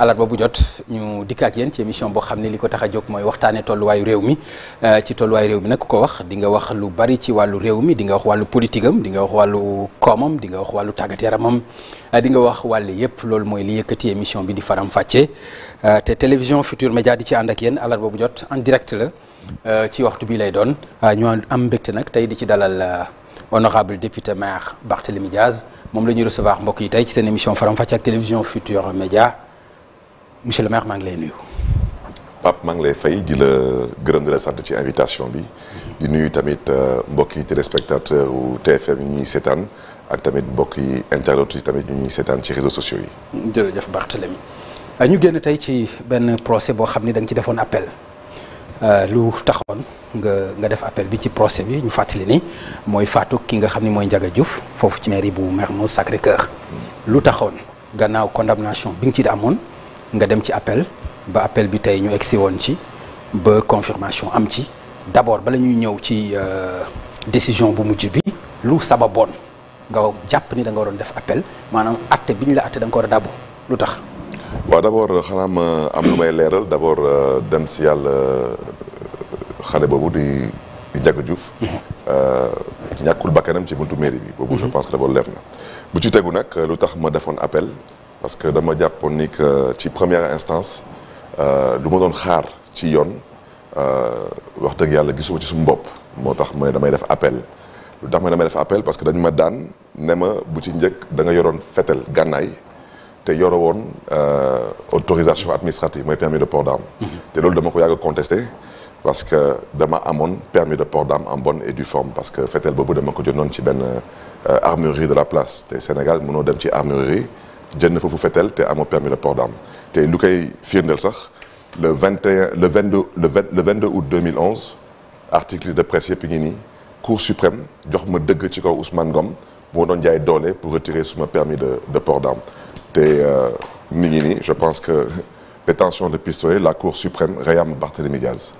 àllarba bu jot ñu dikk ak yéen ci émission boo xam ne li ko tax a jóg mooy waxtaane tolluwaayu réew mi euh, ci tolluwaayu réew mi nag ko wax di nga wax lu bari ci wàllu réew mi dinga nga wax wàllu politique am di nga wax wàllu koomam di nga wax wàllu tàggat yaramam euh, di nga wax wàll yépp loolu mooy li yëkkati émission bi di faram fàccee euh, te télévision Futur Média di ci ànd ak yéen àllarba bu jot en direct la ci waxtu bi lay doon ñu am mbégte nag tey di ci dalal honorable député maire Barthélémy Diaz moom la ñuy recevoir mbokk yi tey ci seen émission faram fàcce ak télévision Futur Média monsieur le maire maa ngi lay nuyu. Pape maa ngi lay fay di la gërëm di ci invitation bi di nuyu tamit euh, mbokki téléspectateur u TFM yi ñuy seetaan ak tamit mbokki internautes tamit ñu ñuy seetaan ci réseaux sociaux yi. jërëjëf Barthélémy euh, ñu génn tey ci benn procès boo xam ni da ci defoon appel euh, lu taxoon nga nga def appel bi ci procès bi ñu fàttali ni mooy faatu ki nga xam ni mooy Ndiaga Diouf foofu ci mairie bu moo Sacré-Cœur lu taxoon gannaaw condamnation bi nga ci amoon. nga dem ci appel ba appel bi tey ñu egsi woon ci ba confirmation am ci d'abord bala ñuy ñëw ci euh, décision bu mujj bi lu sababoon nga jàpp ni da nga waroon def appel maanaam atte bi ñu la atte da nga ko war a dabu lu tax. waaw d'abord xanaa ma am lu may leeral d'abord euh, dem si yàlla euh, xale boobu di di Ndiaga Diouf. Mhm. ñàkkul bakkanam ci buntu mairie bi. boobu je mhm. pense que d'abord leer na. bu ci tegu nag lu tax ma defoon appel parce que dama jàppoon ni que ci première instance lu euh, ma doon xaar ci yoon euh, wax dëgg yàlla gisuma ci suñu bopp moo tax ma damay def appel lu tax ma damay def appel parce que dañ ma daan ne ma bu ci njëkk danga yoroon fetel gànnaay te yoro woon euh, autorisation administrative mooy permis de port d'arme mhm. te loolu dama ko yàgg a contesté parce que dama amoon permis de port d'arme en bonne et due forme parce que fetel boobu dama ko jot noon ci benn armurerie de la place te Sénégal mënoo dem ci armurerie jënd foofu fetel te amoo permis de port d'arme te lu koy firndeel sax le 21 le 22 le 20 le 22 août 2011 article de presse yëpp ngi cour suprême jox ma dëgg ci kaw Ousmane gom moo doon jaay doole pour retirer suma permis de de port d'arme te euh, mi ngi nii je pense que détention de pistolet la cour suprême rayam Barthélémy Diaz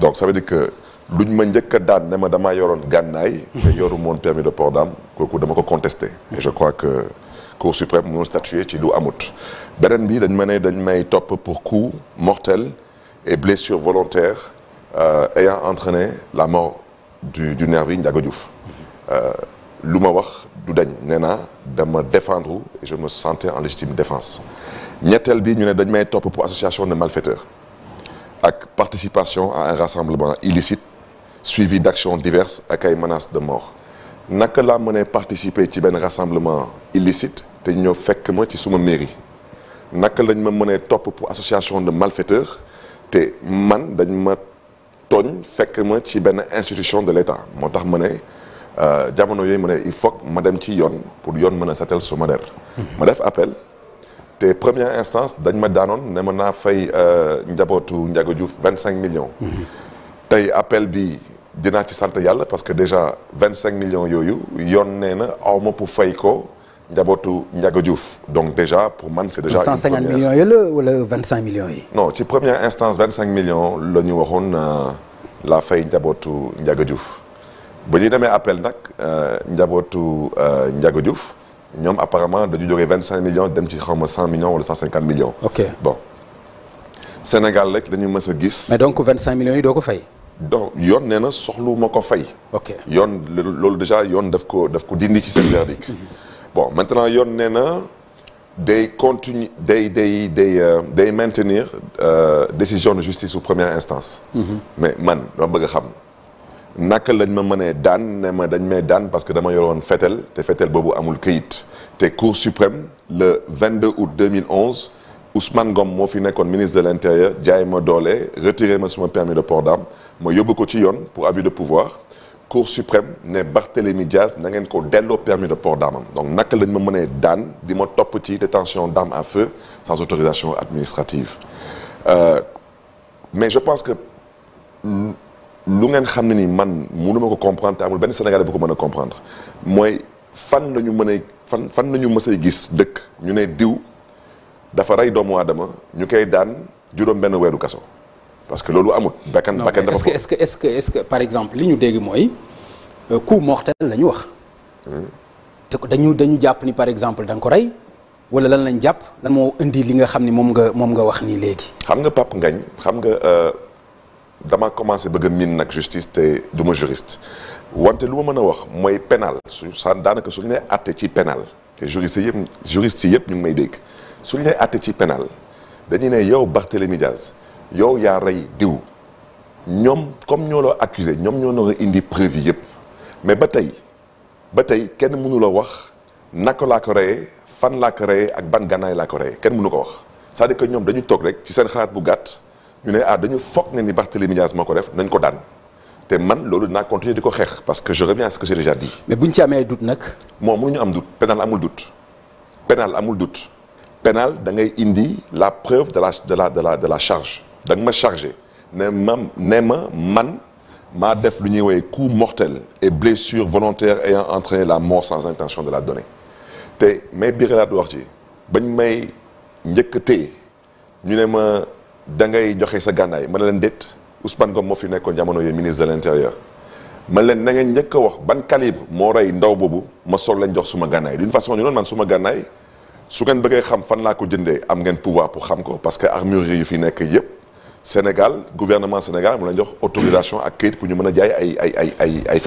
donc ça veut dire que luñ ma njëkk a daan ne ma damaa yoroon gànnaay. te yoru moon permis de port d'arme kooku dama ko contesté. et je crois que. cour suprême mënul statuer ci lu amut beneen bi dañ ma ne dañ may topp pour coup mortel et blessure volontaire euh, ayant entraîné la mort du du nervi Ndiaga Diouf euh, lu ma wax du dañ nee naa dama défendre et je me sentais en légitime défense ñetteel bi ñu ne dañ may topp pour association de malfaiteurs ak participation à un rassemblement illicite suivi d'actions diverses ak ay menaces de mort naka laa mënee participer ci benn rassemblement illicite te ñoo fekk ma ci suma mairie naka lañ ma mënee topp pour association de malfaiteurs te man dañ ma tooñ fekk ma ci benn institution de l'État moo tax ma ne euh, jamono yooyu ma il faut ma dem ci yoon pour yoon mën a satel suma der mhm. ma def appel te première instance dañ ma daanoon ne ma naa fay euh, njabootu Ndiaga Diouf vingt cinq millions mhm. tey appel bi dinaa ci sant yàlla parce que déjà vingt cinq millions yooyu yoon nee na aw ma pour fay ko njabootu Ndiaga Diouf donc déjà pour man c'est déjà. cent cinquante millions yi la wala vingt cinq millions yi. non ci première instance vingt cinq millions la ñu waxoon euh, la fay njabootu Ndiaga Diouf ba ñuy demee appel nag euh, njabootu euh, Ndiaga Diouf ñoom apparemment dañu jógee vingt cinq millions dem ci xaw ma cent millions wala cent cinquante millions. ok se Sénégal rek dañu mës gis. mais donc vingt cinq millions yi doo ko fay. donc yoon nee na soxlu ma ko fay. ok yoon loolu déjà yoon daf ko daf ko dindi ci seen verdict mhm. bon maintenant yoon nee na day continue day day day euh, day maintenir euh, décision de justice sous première instance. Mhm. mais man dama bëgg a xam naka lañ ma mënee daan ne ma dañ may daan parce que dama yoroon fetel te fetel boobu amul këyit te cour suprême le 22 août 2011. Ousmane Ngom moo fi nekkoon ministre de l'intérieur jaay ma doole retiré ma suma permis de port d'armes mooy yóbbu ko ci yoon pour abus de pouvoir cour suprême ne Barthélémy Diaz na ngeen ko delloo permis de port d'arme donc naka lañu ma mënee daan di ma topp ci détention d'arme à feu sans autorisation administrative euh, mais je pense que lu ngeen xam ne nii man ma ko comprendre te amul benn Sénégalais bu ko mën a comprendre mooy fan la ñu mën fan fan la ñu mës gis dëkk ñu ne diw dafa rey doomu aadama ñu koy daan juróom benn weeru kaso parce que loolu amul. bakkan bakkan dafa foofu est-ce que est-ce que par exemple li ñu dégg mooy euh, coup mortel la ñu wax. Hmm. te dañu dañu jàpp ni par exemple da nga ko rey wala lan lañ jàpp lan moo indi li nga xam ni moom nga moom nga wax nii léegi. xam nga Pape ngañ xam nga euh, dama commencé bëgg a miin nag justice te du ma wante lu ma mën a wax mooy pénal su saan daanaka suñ ne àtte ci pénal te juriste yëpp yi yëpp ñu ngi may dégg suñu lay àtte ci penal dañuy ne yow Barthélémy Diaz. yow yaa rey diw ñoom comme ñoo la accusé ñoom ñoo nara indi preuve yi yëpp mais ba tey ba tey kenn mënu la wax naka laa ko reyee fan laa ko reyee ak ban gànnaay laa ko reyee kenn munu ko wax c'est-à-dire ñoom dañu toog rek ci seen xalaat bu gàtt ñu ne ah dañu foog ne ni Barthélémy Dias moo ko def nañ ko daan te man loolu dinaa continuer di ko xeex parce que je reviens à ce que j'ai déjà dit. mais buñ ci amee ay doute nag. moom mënuñu am doute pénal amul doute pénal amul doute pénal da ngay indi la preuve de la de la de la de la charge. danga ma chargé ne ma ne ma man maa def lu ñuy woowee coup mortel et blessure volontaire ayant entraîné la mort sans intention de la donner te may biralaat wax ci bañ may njëkk a ñu ne ma da ngay joxe sa gànnaay ma ne leen déet Ousmane Ngom moo fi nekkoon jamono yooyu ministre de l' intérieur ma leen na ngeen njëkk wax ban calibre moo rey ndaw boobu ma sol lañ jox suma gànnaay d' une façon ñu noonu man suma gànnaay su ngeen bëggee xam fan laa ko jëndee am ngeen pouvoir pour xam ko parce que armurerie yu fi nekk yëpp. Sénégal gouvernement Sénégal mu la jox autorisation ak këyit pour ñu mën a jaay ay ay ay ay ay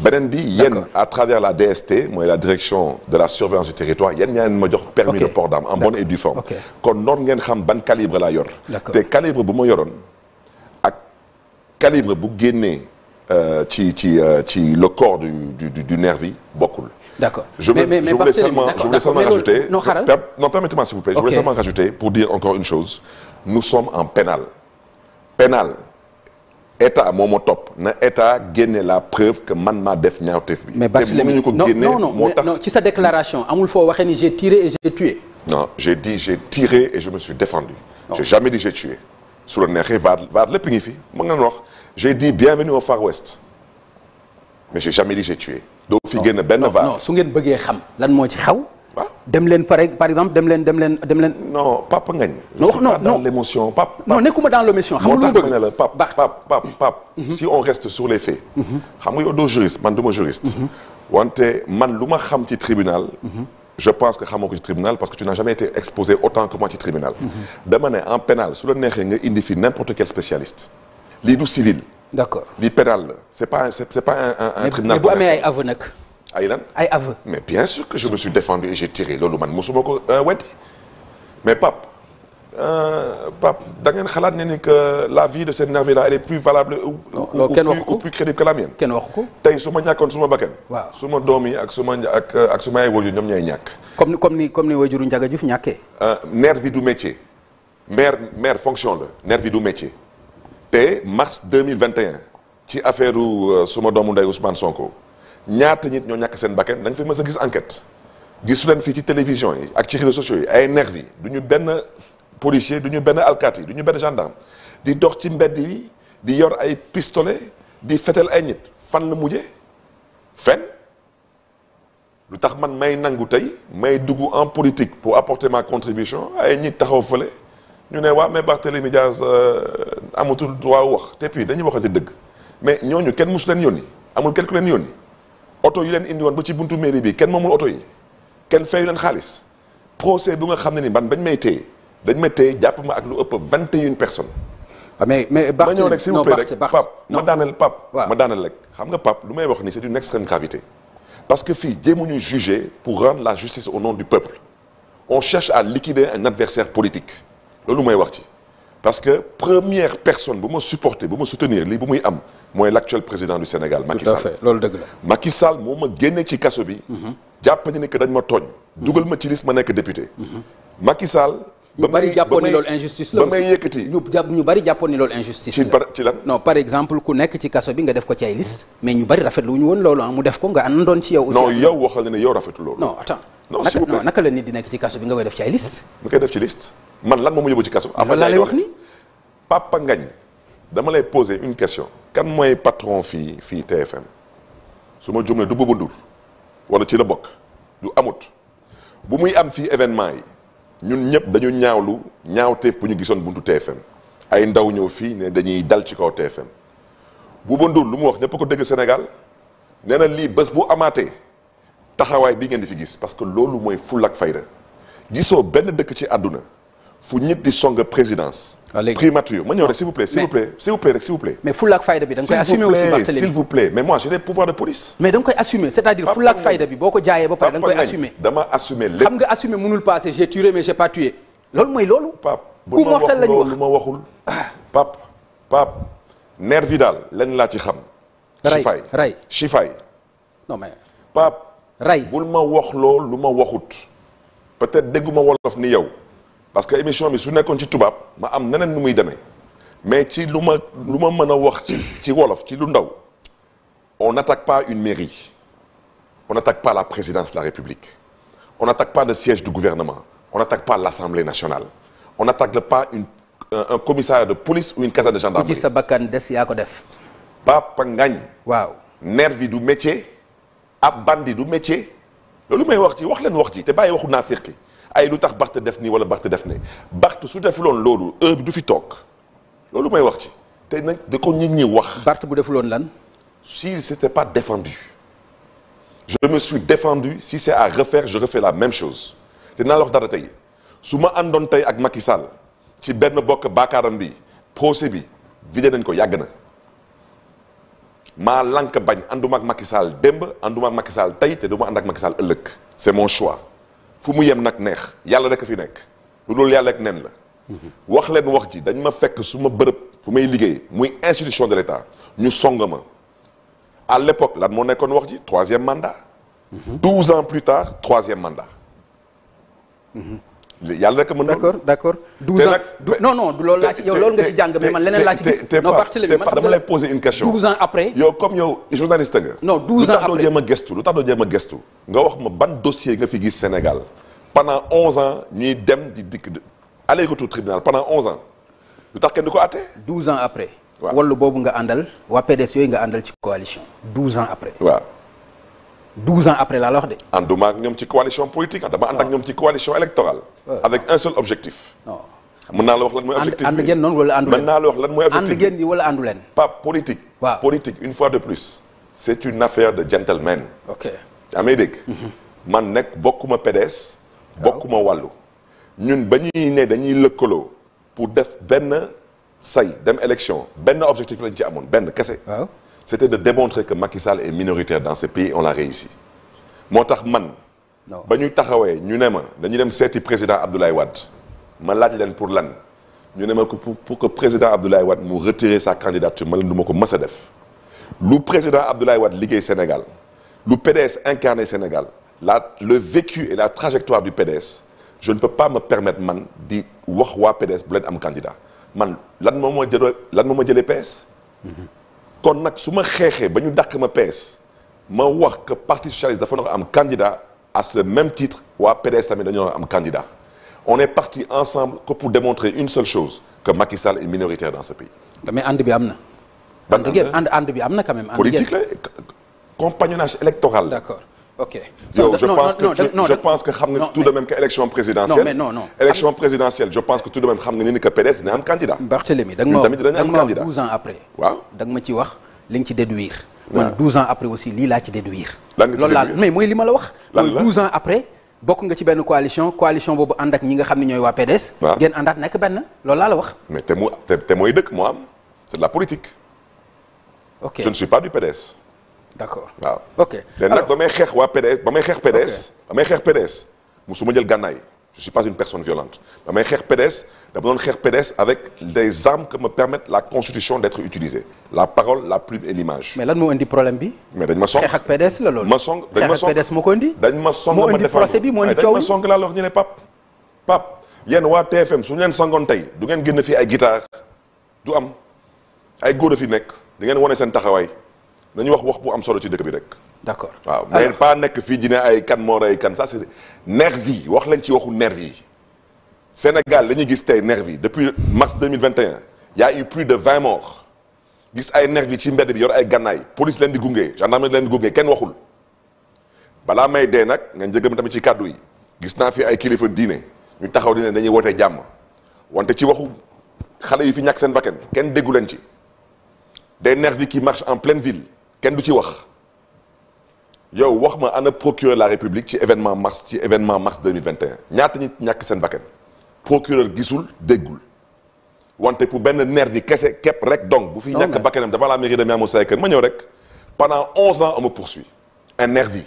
beneen bi yéen à travers la DST mooy la direction de la surveillance du territoire yéen ñaa leen ma jox permis de port d'arme en bonne et due forme kon noor ngeen xam ban calibre laa yor te calibre bu ma yoroon ak calibre bu génnee euh, ci ci euh, ci le corps du du nervi bokkul D'accord. Je voulais, mais, mais, je voulais seulement, je rajouter. Non, permettez-moi s'il vous plaît. Je voulais seulement rajouter pour dire encore une chose. Nous sommes en pénal. Pénal. état moo ma topp na état génne la preuve que man maa def ñaawteef bi. mais Barthélémy ñu ko génne sa déclaration amul foo waxee ni j'ai tiré et j'ai tué. non j'ai dit j'ai tiré et je me suis défendu. j'ai jamais dit j'ai tué. su la neexee vaar vaar lépp ngi fi mën nga wax j'ai dit bienvenue au mais j'ai jamais dit j'ai tué. doo fi génn benn non su ngeen bëggee xam lan moo ci xaw. dem leen par par exemple dem leen dem leen dem leen. non Pape Ngagne. non non pas dans l'émotion Pape. non nekkuma dans l'émotion xam nga lu bëgg moo tax ma mhm. si on reste sur les faits. Mhm. xam nga doo juriste man ma juriste. Mhm. wante man lu ma xam ci tribunal. je pense que xamoo ko ti tribunal parce que tu n'as jamais été exposé autant que moi ci tribunal. dama en pénal su la neexee nga indi fi n'importe quel spécialiste. lii du d'accord lii pénal la c'est pas c'est pas un un tribunal bu amee ay aveu nag. ay lan ay aveu. mais bien sûr que je me suis défendu et j'ai tiré loolu man mosuma ko euh, weddi mais Pape euh, Pape da ngeen xalaat ne ni que la vie de cette nervie là elle est plus valable. loolu kenn waxu ko ou plus crédible que la mienne. kenn waxu ko tey su ma ñàkkoon su ma waaw su doom yi ak su ma ak ak su ma ay wajur ñoom ñooy ñàkk. comme ni comme ni comme ni wajuru Ndiaga Diouf ñàkkee. Euh, nervie du métier maire mère fonction la nervie du métier. te mars 2021 ci affaire euh, suma doomu ndey Ousmane Sonko ñaata nit ñoo ñàkk seen bakkan da nga fi mës gis enquête gisu leen fii ci télévision yi ak ci réseaux sociaux yi ay nervi yi du ñu benn policier du ñu benn alkaati du ñu benn gendarme di dox ci mbedd yi di yor ay pistolet di fetal ay nit fan la mujje fen lu tax man may nangu tey may dugg en politique pour apporter ma contribution ay nit taxaw fële ñu ne waa mais Barthélémy Dias euh, amatul droit wax te puis dañuy waxante dëgg mais ñooñu kenn musu leen yónni amul kenn ku leen yónni oto yi leen indi woon ba ci buntu mairie bi kenn moomul oto yi kenn fayu leen xaalis procès bu nga xam ne ni ban dañ may téye dañ may téye jàpp ma ak lu ëpp vingt et une personnes. Ah, mais mais Barth ma ñëw rek s'il vous plaît rek Pape ma daaneel Pape. ma daaneel rek xam nga Pape lu may wax ni c'est une extrême gravité. parce que fii jéemuñu juger pour rendre la justice au nom du peuple on cherche à liquider un adversaire politique. loolu mooy wax ci parce que première personne bu ma supporter bu ma soutenir lii bu muy am mooy l'actuel président du Sénégal Macky Sall. la. Macky Sall moo ma génne ci kaso bi. Mhm. jàpp ni dañ ma tooñ. dugal ma ci liste ma nekk député. Mhm. Macky ba may loolu injustice la ba may yëkkati. ñu jàpp ñu bari jàppoon ni loolu injustice la ci par ci lan. non par exemple ku nekk ci kaso bi nga def ko ci ay liste. Mhm. mais ñu bari rafetlu ñu woon loolu ah mu def ko nga àndoon na ne yow rafetlu loolu. non attends naka la nit di nekk ci kaso bi nga koy def ci ay liste. nga koy def ci liste. man lan moo ma yóbbu ci kaso. après laa lay wax ni Papa ngañ dama lay poser une question. kan mooy patron fii fii TFM su ma jumlee du Bouba Ndour wala ci la bokk du amut bu muy am fii événement yi ñun ñëpp dañu ñaawlu ñaawteef bu ñu gisoon buntu TFM ay ndaw ñëw fii ne dañuy dal ci kaw TFM Bouba Ndour lu mu wax ñëpp ko dégg Sénégal nee lii bés bu amaatee taxawaay bii ngeen di fi gis parce que loolu mooy full ak fayda gisoo benn dëkk ci àdduna. fu nit di song présidence. Ah, primature ma ñëw rek ah, s'il vous plaît s'il vous plaît s'il vous plaît rek s'il vous plaît. mais fulla ak fayda bi da koy assumer aussi Barthélémy s'il vous plaît mais moi j'ai des pouvoirs de police. mais da koy assumer c'est-à-dire fulla ak fayda bi boo ko jaayee ba pare da nga koy assumer. dama assumer lépp xam nga assumer mënul passer j'ai tué mais j'ai pas tué loolu mooy loolu. Pape ku mortel la ñu wax bu ma daal lañ laa ci xam. ray ray Chifaay non mais Pape. ray bul ma wax loo lu ma waxut peut-être dégguma wolof ni yow. parce que émission bi su nekkoon ci tubaab ma am neneen nu muy demee mais ci lu ma lu ma mën a wax ci ci wolof ci lu ndaw on n'attaque pas une mairie on n'attaque pas la présidence de la République on n'attaque pas le siège du gouvernement on n'attaque pas l'Assemblée nationale on n'attaque pas une un, un commissariat de police ou une caserne de gendarmerie. ku ci sa bakkan des yaa ko def. Papa Ngagne. waaw nervi du métier ab bandi du métier loolu may wax ci wax leen wax ci te bàyyi waxu naa fekki ay lu tax Barth def nii wala Barth def ne Barth su defuloon loolu du fi toog loolu may wax ci te nag da ko nit ñi wax. Barth bu loon lan. s'il s'était pas défendu je me suis défendu si c'est à refaire je refais la même chose te naa la wax dara tey su ma àndoon tey ak Macky ci benn bokk baakaaram bi procès bi vidé nañ ko yàgg na maa lank bañ ànduma ak Macky Sall démb ànduma ak Macky tey te du ma ànd ak Macky Sall ëllëg c'est mon choix. fu mu yem nag neex yàlla rek a fi nekk lu loolu yàlla rek nen la wax leen wax ji dañ ma fekk su ma bërëb fu may liggéey muy institution de l'État ñu song ma à l'époque lan moo nekkoon wax ji troisième mandat mhm. douze ans plus tard troisième mandat mhm. yàlla rek mën na. d'accord d'accord 12 ans du non non du loolu nga ci jàng mais man leneen laa ci gis. non Barthélémy man dama lay poser une question. 12 ans après yow comme yow journaliste nga. non 12 ans après lu tax doo jéem a gestu nga wax ma ban dossier nga fi gis Sénégal pendant 11 ans ñuy dem di dikk aller retour tribunal pendant 11 ans lu tax kenn du ko àtte. 12 ans après. waaw wallu boobu nga àndal waa PDS yooyu nga àndal ci coalition. 12 ans après waaw. douze ans après laa la ñoom ci coalition politique ak ñoom ci coalition électorale. avec un seul objectif. la wax lan mooy. ngeen noonu wala àndu leen mën naa la wax lan mooy. objectif bi ànd fois de plus. c' est une affaire de gentleman. ok yaa may dégg. Mhm. man nekk bokkuma PDS. bokkuma wàllu. ñun ba ñuy nee dañuy lëkkaloo pour def benn say dem élection benn objectif lañ ci amoon benn kese. c'était de démontrer que Macky Sall est minoritaire dans ce pays on l'a réussi moo tax man ba ñu taxawee ñu ne ma dañu dem seeti président Abdoulaye Wade man laaj leen pour lan ñu ne ma ko pour que président Abdoulaye Wade mu retirer sa candidature ma leen du ma ko mës a def lu président Abdoulaye Wade liggéey Sénégal lu PDS incarné Sénégal la le vécu et la trajectoire du PDS je ne peux pas me permettre man di wax waa PDS bu leen am candidat man lan moo ma jëlee lan moo ma jëlee PS kon nag su ma xeexee ba ñu dàq ma PS ma wax que parti socialiste dafa na ko am candidat à ce même titre waa PDS tamit dañoo am candidat on est parti ensemble que pour démontrer une seule chose que Macky Sall est minoritaire dans ce pays. ànd bi am na. ànd ànd bi am na quand même. politique la compagnonnage électoral. d'accord. ok yow je pense que je pense que xam nga tout de même que élection présidentielle. non mais non présidentielle je pense que tout de même xam nga ni que PDS dina am candidat. Barthélémy da nga ma da nga ma 12 ans après. waaw ma ci wax li nga ci déduire. man 12 après aussi lii laa ci déduire. lan nga ci loolu laa mais mooy li ma la wax. lan la après. bokk nga ci benn coalition coalition boobu ak ñi nga xam ne ñooy waa PDS. waaw ngeen àndaat nekk benn loolu laa la la politique. ok d'accord waaw ok léegi nag ba may xeex waa PDS ba may xeex PDS ba may xeex su ma jël gànnaay je suis pas une personne violente ba may xeex PDS dama doon xeex PDS avec des armes que me permettent la constitution d'être utilisée la parole la plume et l'image mais lan moo indi problème bi mais dañ ma song xeex ak PDS la loolu ma song dañ ma song PDS moo ko indi dañ ma song bi moo indi coow dañ ma song laa la wax ñu ne pap pap yéen waa TFM suñu leen sangoon tey du ngeen génn fii ay guitare du am ay góor a fi nekk di ngeen wane seen taxawaay nañu wax wax bu am solo ci dëkk bi rek. d'accord waaw mais pas nekk fii dina ay kan moo rey kan ça c'est nervi wax lañ ci waxu nervi Sénégal la ñuy gis tey nervi depuis mars 2021 y a eu plus de 20 morts gis ay nervi ci mbedd bi yor ay gannaay police leen di gunge gendarmerie leen di gunge kenn waxul balaa may dee nag nga njëgëm tamit ci kàddu yi gis naa fi ay kilifa diine ñu taxaw di ne dañuy wootee jàmm wante ci waxu xale yi fi ñàkk seen bakkan kenn déggu leen ci des nervis qui marchent en pleine ville kenn du ci wax yow wax ma ana procureur de la république ci événement mars ci événement mars 2021 ñaata ñi ñàkk seen bakkan procureur gisul déggul wante pour benn nervi kese képp rek donc bu fi ñàkk bakkanam devant la mairie de Mermoz Sacré-Cœur ma ñëw rek pendant onze ans on me poursuit un nervi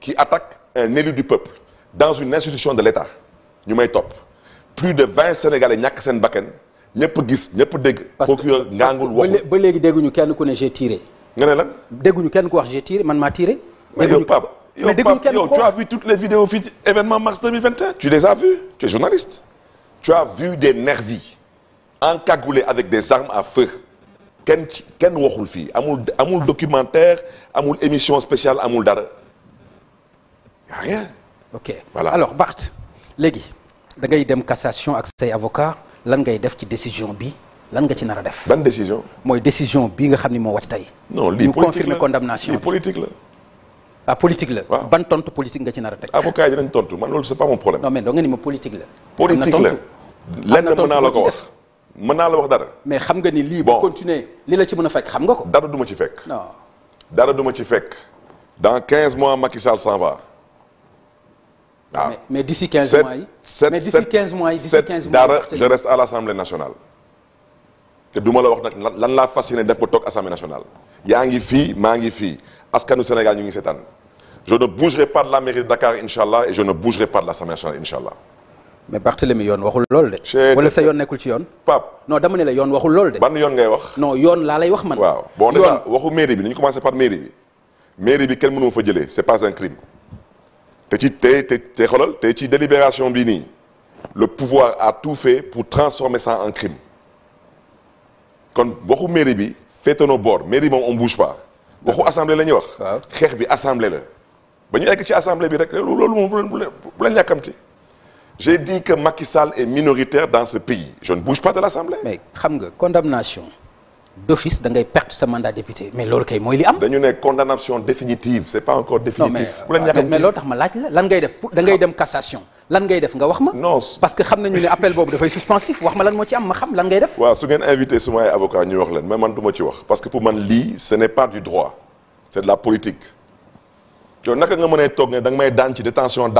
qui attaque un élu du peuple dans une institution de l'État ñu may topp plus de vingt sénégalais ñàkk seen bakkan ñëpp gis ñëpp dégg procureur ngaangul waxul ba léegi dégguñu kenn ku ne j'ai nga ne lan. dégguñu kenn ku wax j'ai tiré man ma tiré. dégguñu Pape yow Pape yow tu as vu toutes les vidéos fii événement mars 2021 tu les as vues tu es journaliste. tu as vu des nervis encagoulés avec des armes à feu. kenn ci kenn waxul fii amul amul documentaire amul émission spéciale amul dara y a rien. alors Bart léegi da ngay dem cassation ak say avocat lan ngay def ci décision bi. lan nga ci nar def. ban décision. mooy décision bii nga xam ni moo wàcc tey. non lii politique la ñu confirmer condamnation la. ah politique la. waaw ban tontu politique nga ci nara a teg. avocat yi dinañ tontu man loolu c'est pas mon problème. non mais doo nga ni ma politique la. politique la lenn mën naa la ko wax. mën naa la wax dara. mais xam nga ni lii. bu continuer li la ci mën a fekk xam nga ko. dara duma ma ci fekk. non dara du ci fekk. dans 15 mois Macky Sall s'en va. waaw ah. mais mais d'ici 15 mois yi. mais d'ici 15 mois yi d'ici dara je reste à l'Assemblée nationale. te du la wax nag lan laa fas yéene def ba toog assemblée nationale yaa ngi fii maa ngi fii askanu Sénégal ñu ngi seetaan je ne bougerai pas de la mairie de Dakar incha allah et je ne bougerai pas de l'assemblée nationale incha allah. mais Barthélemy yoon waxul lool de. wala sa yoon nekkul ci yoon. Pape non dama ne la yoon waxul lool de. ban yoon ngay wax. non yoon laa lay wax man. waaw bon déjà waxu mairie bi nañu commencé par mairie bi. mairie bi kenn mënu ma fa jëlee c'est pas un crime te ci te te te ci délibération bii nii le pouvoir a tout fait pour transformer ça en crime. kon waxu mairie bi féetanoo boor mairie moom on bouge pas waxu assemblée la ñuy wax. xeex bi assemblée la. ba ñu egg ci assemblée bi rek loolu moom bu leen bu leen bu leen yàkkamti j'ai dit que Macky Sall est minoritaire dans ce pays je ne bouge pas de l'assemblée. mais xam nga condamnation. d'office da ngay perte sa mandat député mais loolu kay mooy li am. dañu ne condamnation définitive c'est pas encore définitif. bu mais mais loolu tax ma laaj la lan ngay def da ngay dem cassation lan ngay def nga wax ma. non parce que xam nañu ne appel boobu dafay suspensif wax ma lan moo ci am ma xam lan ngay def. waaw su ngeen invité suma ay avocat ñu wax leen mais man du ma ci wax parce que pour man lii ce n'est pas du droit c'est de la politique. yow naka nga mënee ne da nga may daan ci détention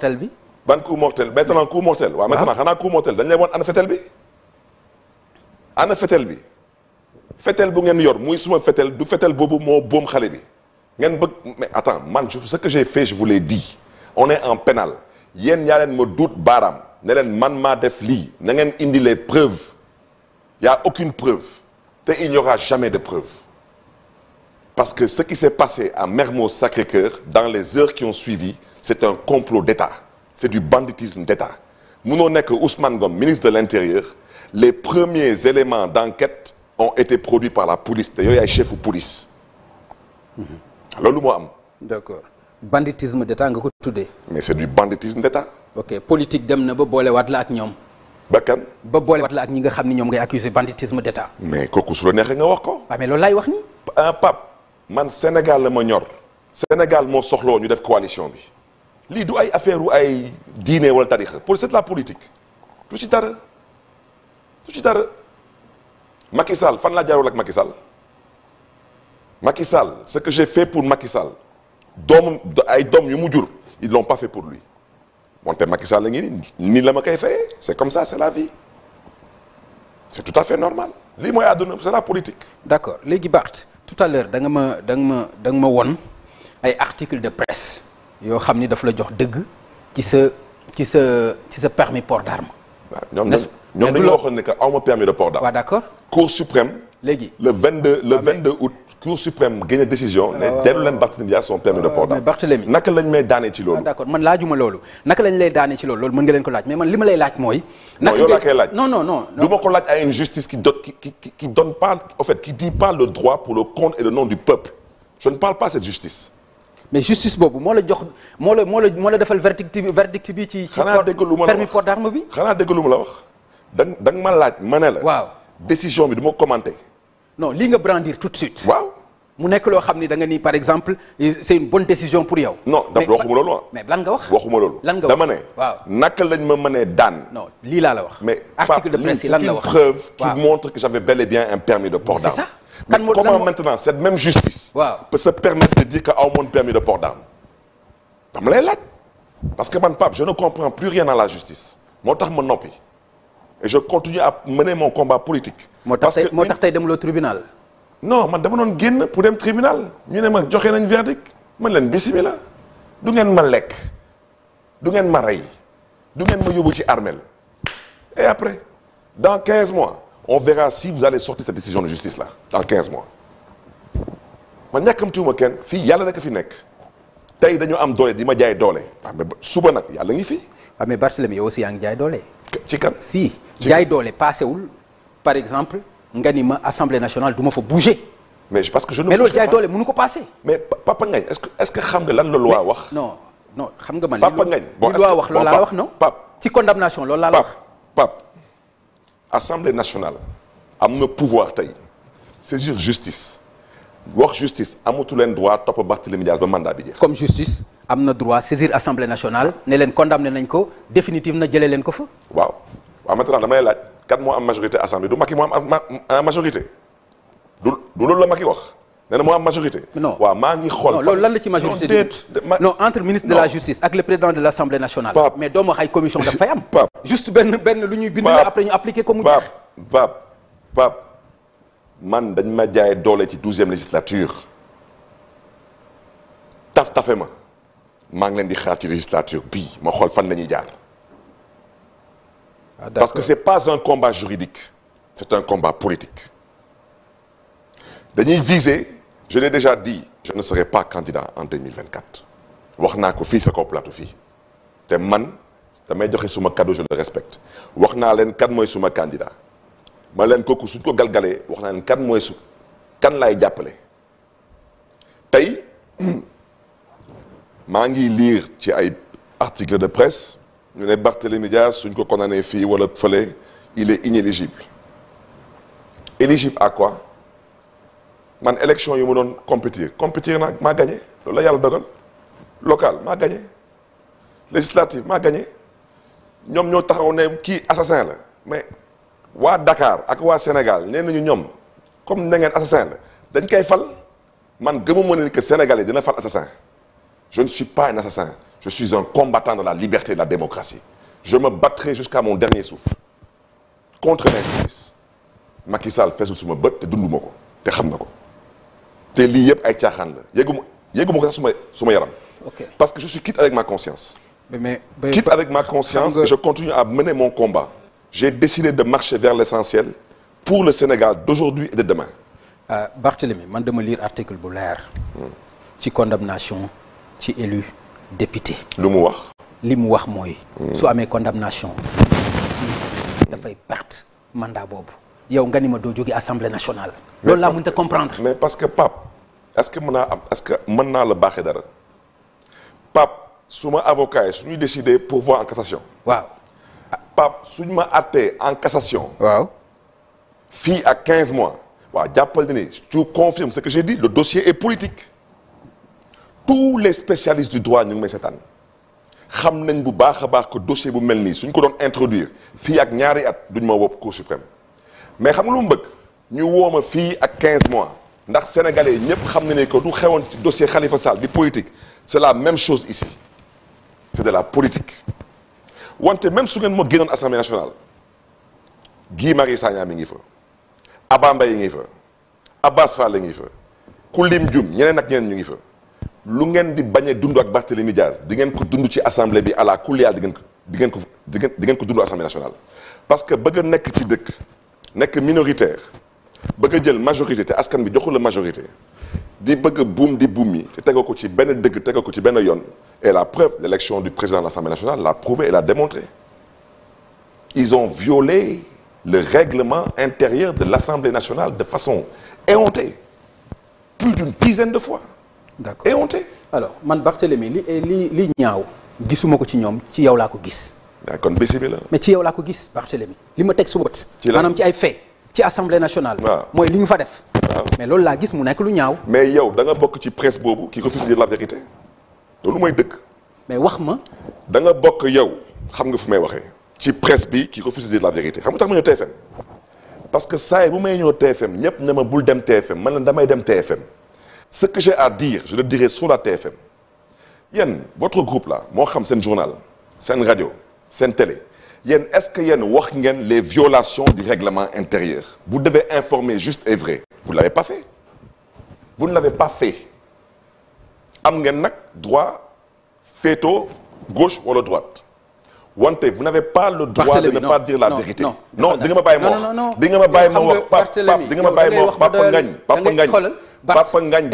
te bi. ban coup mortel maintenant coup mortel waaw maintenant xanaa coup ana fetel bi ana fetel bi fetel bu ngeen yor muy suma fetel du fetel boobu moo boom xale bi ngeen bëgg mais attends man ce que j'ai fait je vous l'ai dit on est en pénal yéen yaa leen ma duut baaraam ne leen man maa def li na ngeen indi les preuves ya a aucune preuve te il n'y jamais de preuve parce que ce qui s'est passé à Mermoz Sacré-Cœur dans les heures qui ont suivi c'est un complot d'État c'est du banditisme d'État munoo nekk Ousmane Ngom ministre de l'intérieur les premiers éléments d'enquête ont été produits par la police te yooy yaay chefu police mhm. loolu moo am. d'accord banditisme d'État nga ko tuddee. mais c'est du banditisme d'État. ok politique dem na ba boolewaat la ak ñoom. ba kan ba boolewaat la ak ñi nga xam ni ñoom ngay accuser banditisme d'État. mais kooku su la neexee nga wax ko. amee ah, mais loolu laay wax ni. ah Pape man Sénégal la ma ñor. Sénégal moo soxloo ñu def coalition bi. lii du ay affaire ay diine wala tarixa pour c'est la politique du ci dara du ci dara Macky fan laa jaarul ak Macky Sall Macky Sall ce que j'ai fait pour makisal Sall ay doom yu mu jur ils l'ont pas fait pour lui wante makisal Sall la ngi nii la ma kay fayee c'est comme ça c'est la vie c'est tout à fait normal lii mooy àdduna c'est la politique. d'accord léegi Barth tout à l'heure da ma danga ma da ma won ay articles de presse. yoo xam ni dafa la jox dëgg ci sa ci sa sa permis port d'arme. waaw ñoom ñoom de port d'arme. waaw d'accord cour suprême. léegi le 22 le 22 ah, août. cour suprême génne décision. ne ah, dellu leen ah, Barthélémy Dias permis de port d'arme. naka lañ may daane ci loolu. man laajuma loolu naka lañ lay daane ci loolu loolu mën nga leen ko laaj mais man li ma lay laaj mooy. naka yow laa koy laaj non non non. du ma ko laaj à une justice qui donne qui qui qui donne le droit pour le compte et le nom du peuple je ne parle pas cette justice. mais justice boobu moo la jox moo la moo la moo defal verdict bi verdict bi ci. xanaa dégg lu ma la wax permis port d'arme bi. xanaa dégg lu ma la wax da nga ma laaj ma ne la. waaw décision bi du ma commenter. non lii nga brandir tout de suite. waaw mu nekk loo xam ni da nga ni par exemple c'est une bonne décision pour yow. non da waxuma loolu ah. mais lan nga wax waxuma loolu. lan nga wax dama ne. lañ ma mënee daan. non lii laa la wax. mais article de presse lan la wax mais Pape c'est une preuve. qui montre que j'avais bel et bien un permis de port d'arme. c'est ça. kan moo comment maintenant cette même justice. waaw peut se permettre de dire que aw moon permis de port d'arme dama lay laaj parce que man Pape je ne comprends plus rien à la justice moo tax ma noppi et je continue à mener mon combat politique. parce que moo tax tey demuloo tribunal. non ma dama doon génn pour dem tribunal ñu ne ma joxe nañ verdict man leen bismillah du ngeen ma lekk du ngeen ma rey du ngeen ma yóbbu ci armel et après dans 15 mois. on verra si vous allez sortir cette décision de justice là dans 15 mois man ñàkkamtiwuma kenn fii yàlla rek a fi nekk tey dañoo am doole di ma jaay doole waaw ah, mais suba nag yàlla ngi fi. waaw ah, mais Barthélemy yow aussi yaa doole. ci kan si jaay doole wul par exemple nga ni ma assemblée nationale du ma fa bouger. mais parce que je ne. mais loolu jaay doole ko paase. mais Papa Ngagne est que est-ce nga lan la loi wax. non non xam nga man. Papa Ngagne bon est-ce la a wax loolu laa wax non. Pape ci condamnation loolu laa la wax. Pape assemblée nationale am na pouvoir tey saisir justice wax justice amatu leen droit topp Barthélémy Dias ba mandat bi jeex. comme justice am na droit saisir assemblée nationale ne leen condamné nañ ko définitive na jëlee leen ko fa. waaw waa waaw maintenant damay laaj kan moo am majorité assemblée du Macky moo am majorité du du loolu la Macky wax. nee na moo am majorité. non waaw maa ngi xool. non la majorité non entre ministre de la justice ak le président de l' assemblée nationale. Pape mais doomu ay commission daf fay am. Pape juste benn benn lu ñuy bind. Pape après ñu appliqué ko mu jeex. Pape man dañ ma jaay doole ci douzième législature taf tafe ma maa ngi leen di xaar ci législature bii ma xool fan la ñuy jaar. Ah, parce que c'est pas un combat juridique c'est un combat politique dañuy viser je l'ai déjà dit je ne serai pas candidat en wax naa ko fii sa kaw plateau fii te man damay joxe suma cadeau je le respecte wax naa leen kan mooy suma candidat ma leen kooku suñ ko galgalee wax naa leen kan mooy su kan laay jàppale tey maa ngi liir ci ay article de presse ñu ne Barthélémy Dias suñ ko condamné fii wala fële il est inéligible éligible à quoi man élection yi ma doon compétir compétir nag maa gagné loolu la yàlla dogal local maa gagné législative maa gagné ñoom ñoo taxaw ne kii assassin la mais waa Dakar ak waa Sénégal nee nañu ñoom comme na ngeen assassin la dañ koy fal man gëmuma ne que Sénégalais dina fal assassin je ne suis pas un assassin je suis un combattant de la liberté de la démocratie je me battrai jusqu'à mon dernier souffle contre l'injustice Macky Sall feesul suma bët te dunduma ko te xam na ko te lii yëpp ay caaxaan la yëgu ma yëgu ma ko sax suma suma yaram. parce que je suis quitte avec ma conscience. mais quitte avec ma conscience et je continue à mener mon combat. j'ai décidé de marcher vers l'essentiel pour le Sénégal d'aujourd'hui et de demain. Euh, Barthélémy man dama lire article bu leer. Hmm. ci condamnation ci élu député. lu mu wax. li mu wax mooy. Hmm. su amee condamnation. dafay perte mandat boobu. yow nga ni ma doo jóge assemblée nationale. loolu laa mënut te comprendre. mais parce que pap est-ce que mën naa am est que mën naa la baaxee dara Pape su ma avocat yi su ñuy décider pourvoi en cassation. waaw Pape suñ ma àttee en cassation. waaw fii ak 15 mois. waaw jàppal ni tu confirmes ce que j'ai dit le dossier est politique tous les spécialistes du droit ñu ngi may seetaan xam nañ bu baax a baax que dossier bu mel nii suñ ko doon introduire fii ak ñaari at duñ ma wopp Cour suprême. mais xam lu mu bëgg ñu wooma fii ak 15 mois ndax sénégalais ñëpp xam na ne ko du xewoon ci dossier xalifa Sall di politique c'est la même chose ici c'est de la politique wante même su ngeen moo génnoon assemblée nationale Guy Marius Sagna mi ngi fa Abba Mbaye ngi fa Abbas Fall ngi fa ku lim jum ñeneen ak ñeneen ñu ngi fa lu ngeen di bañ a dund ak Barthélémy Diaz di ngeen ko dund ci assemblée bi à la kulli di ngeen ko di di ngeen ko dund assemblée nationale parce que bëgg a nekk ci dëkk nekk minoritaire bëgg a jël majorité te askan bi joxu la majorité di bëgg buum di buum yi te tegoo ko ci benn dëgg tegoo ko ci benn yoon et la preuve l'élection du président de l'Assemblée nationale l'a prouvé et l'a démontré ils ont violé le règlement intérieur de l'Assemblée nationale de façon éhontée plus d'une dizaine de fois d'accord éhontée alors man Barthélémy li li li ñaaw gisuma ko ci ñoom ci yow laa ko gis Ah, kon bési mais ci yow laa ko gis Barthélémy li ma teg su bët. ci la maanaam ci ay fait ci assemblée nationale. mooy li ñu fa def. waaw mais loolu laa gis mu nekk lu ñaaw. mais yow da nga bokk ci presse boobu ki refuse de dire la vérité loolu mooy dëkk mais wax ma. da nga bokk yow xam nga fu may waxee. ci presse bi qui refuse de dire la vérité xam nga tax ma ñëw TFM parce que saa yi bu may ñëw TFM ñëpp ne ma bul dem TFM man la damay dem TFM ce que j'ai à dire je le dirai sur la TFM yéen votre groupe moo xam seen journal seen rajo. seen télé yéen est-ce que yéen wax ngeen les violations du règlement intérieur vous devez informer juste et vrai vous ne l'avez pas fait vous am ngeen nag droit féetoo gauche wala droite wante vous n'avez pas le droit de ne pas dire la vérité non di nga ma bàyyi ma wax di nga ma bàyyi ma wax pap di nga ma bàyyi ma nga ma bàyyi ma wax Papa Ngagne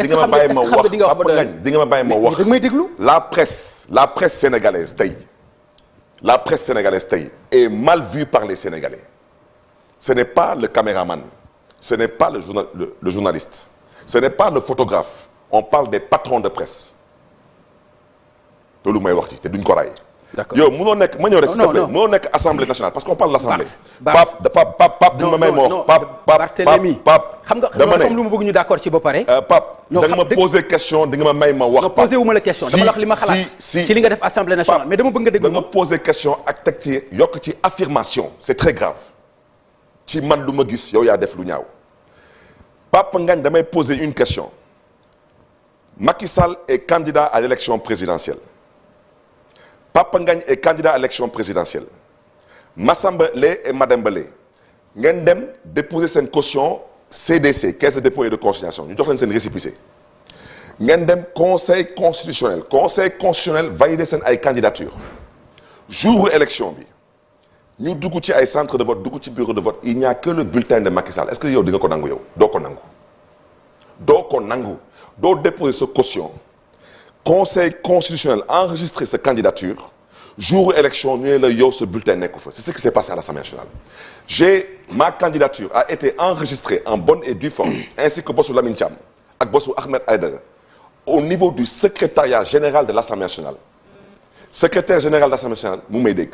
la presse la presse sénégalaise tey la presse sénégalaise tey est mal vue par les Sénégalais ce n'est pas le caméraman ce n'est pas le, journal, le, le journaliste ce n'est pas le photographe on parle des patrons de presse loolu mooy wax ci te duñ ko raay yow mënoo nekk ma ñëw rek s'il te plaît mënoo nekk assemblée nationale parce qu'on parle l'assemblée Pape Pape Pape Pape duñu ma may ma wax Pape Barthélémy Pape xam nga dama ne lu ma bëgg ñu d'accord ci ba pare euh, Pape da nga ma poser question di nga ma may ma wax Pape poser wu ma la question dama la wax li ma xalaat ci li nga def assemblée nationale mais dama bëgg nga dégg da nga poser question ak teg ci yokk ci affirmation c'est très grave ci man lu ma gis yow yaa def lu ñaaw Pape Ngagne damay poser une question Macky Sall est candidat à l'élection présidentielle Papa Ngagne est candidat à l'élection présidentielle Massamba Lé et Mademba Lé ngeen dem déposer seen caution CDC caisse de dépôt et de consignation ñu jox leen seen récépissé ngeen dem conseil constitutionnel conseil constitutionnel valider seen ay candidature jour élection bi ñu dugg ci ay centre de vote dugg ci bureau de vote il n'y a que le bulletin de Macky est-ce que yow di ko nangu yow doo ko nangu doo ko nangu doo déposer sa caution conseil constitutionnel enregistré sa candidature jour élection ñu ne la yow sa bulletin nekk fa c'est ce qui s'est passé à l'Assemblée nationale j'ai ma candidature a été enregistrée en bonne et due forme mm. ainsi que bossu Lamine Thiam ak bossu Ahmed Aïdara au niveau du secrétariat général de l'Assemblée nationale secrétaire général de l'Assemblée nationale mu may dégg